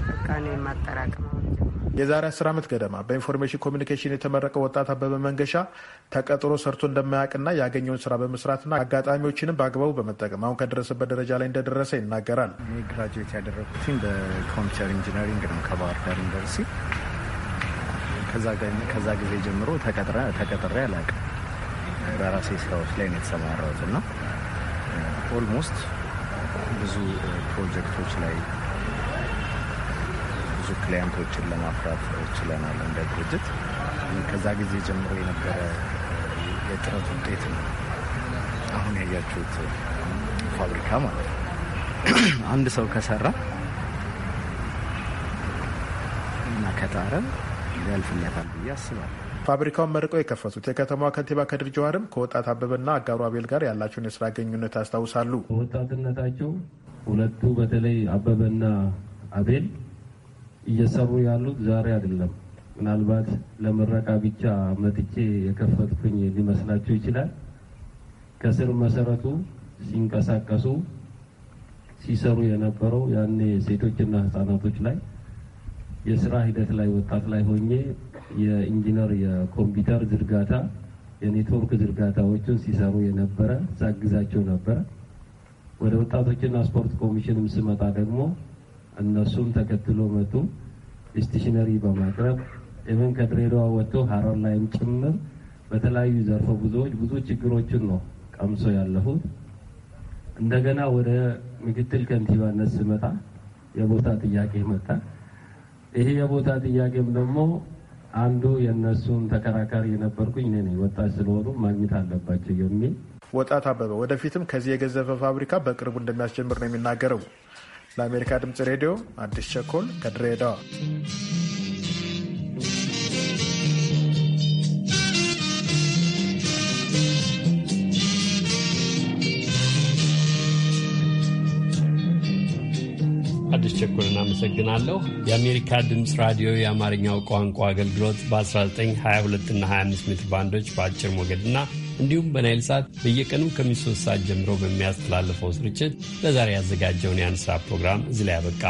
በቃ እኔ የማጠራቅመው የዛሬ አስር ዓመት ገደማ በኢንፎርሜሽን ኮሚኒኬሽን የተመረቀ ወጣት አበበ መንገሻ ተቀጥሮ ሰርቶ እንደማያውቅና ያገኘውን ስራ በመስራትና አጋጣሚዎችንም በአግባቡ በመጠቀም አሁን ከደረሰበት ደረጃ ላይ እንደደረሰ ይናገራል። እኔ ግራጁዌት ያደረጉትኝ በኮምፒውተር ኢንጂነሪንግ ነው ከባህር ዳር ዩኒቨርሲቲ። ከዛ ጊዜ ጀምሮ ተቀጥሬ አላውቅም። በራሴ ስራዎች ላይ ነው የተሰማራሁት እና ኦልሞስት ብዙ ፕሮጀክቶች ላይ ብዙ ክሊያንቶችን ለማፍራት ችለናል እንደ ድርጅት። ከዛ ጊዜ ጀምሮ የነበረ የጥረት ውጤት ነው አሁን ያያችሁት ፋብሪካ ማለት ነው። አንድ ሰው ከሰራ እና ከጣረ ያልፍለታል ብዬ አስባለሁ። ፋብሪካውን መርቀው የከፈቱት የከተማዋ ከንቲባ ከድር ጀዋርም ከወጣት አበበና አጋሩ አቤል ጋር ያላቸውን የስራ ግንኙነት ያስታውሳሉ። ወጣትነታቸው ሁለቱ በተለይ አበበና አቤል እየሰሩ ያሉት ዛሬ አይደለም። ምናልባት ለምረቃ ብቻ መጥቼ የከፈትኩኝ ሊመስላችሁ ይችላል። ከስር መሰረቱ ሲንቀሳቀሱ ሲሰሩ የነበረው ያኔ ሴቶችና ህጻናቶች ላይ የስራ ሂደት ላይ ወጣት ላይ ሆኜ የኢንጂነር የኮምፒውተር ዝርጋታ የኔትወርክ ዝርጋታዎችን ሲሰሩ የነበረ ሳግዛቸው ነበረ። ወደ ወጣቶችና ስፖርት ኮሚሽንም ስመጣ ደግሞ እነሱም ተከትሎ መጡ። ስቴሽነሪ በማቅረብ ኢቨን ከድሬዳዋ ወጥቶ ሀረር ላይም ጭምር በተለያዩ ዘርፈ ብዙዎች ብዙ ችግሮችን ነው ቀምሶ ያለፉት። እንደገና ወደ ምክትል ከንቲባነት ስመጣ የቦታ ጥያቄ መጣ። ይሄ የቦታ ጥያቄም ደግሞ አንዱ የእነሱን ተከራካሪ የነበርኩኝ እኔ ነኝ። ወጣት ስለሆኑ ማግኘት አለባቸው የሚል ወጣት አበበ ወደፊትም ከዚህ የገዘፈ ፋብሪካ በቅርቡ እንደሚያስጀምር ነው የሚናገረው። ለአሜሪካ ድምጽ ሬዲዮ አዲስ ቸኮል ከድሬዳዋ ቸኩርን አመሰግናለሁ። የአሜሪካ ድምፅ ራዲዮ የአማርኛው ቋንቋ አገልግሎት በ1922 እና 25 ሜትር ባንዶች በአጭር ሞገድና እንዲሁም በናይል ሰዓት በየቀኑ ከምሽቱ ሰዓት ጀምሮ በሚያስተላልፈው ስርጭት ለዛሬ ያዘጋጀውን የአንስራ ፕሮግራም እዚህ ላይ ያበቃ።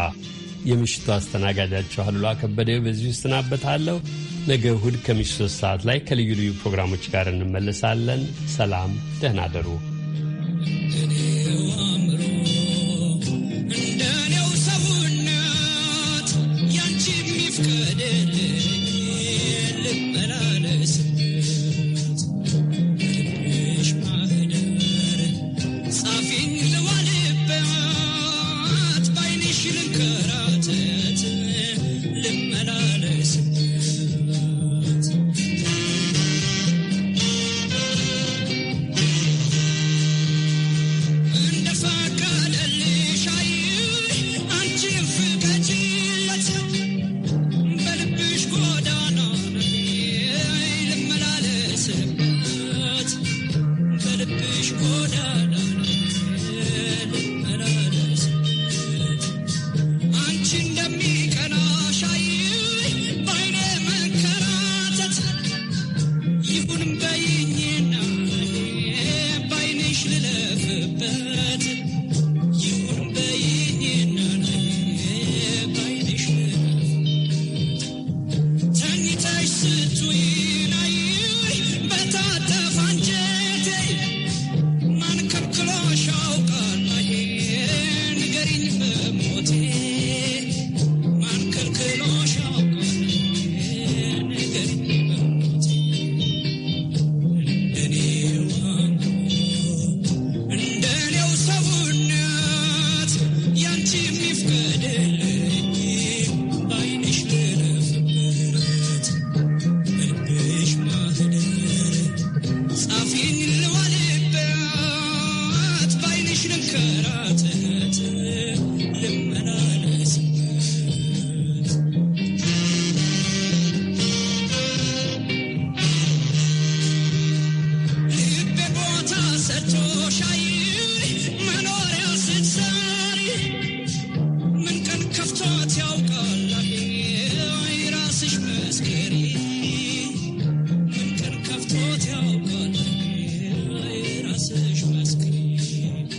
የምሽቱ አስተናጋጃችሁ አሉላ ከበደ በዚሁ እሰናበታለሁ። ነገ እሁድ ከምሽቱ ሰዓት ላይ ከልዩ ልዩ ፕሮግራሞች ጋር እንመለሳለን። ሰላም፣ ደህና አደሩ።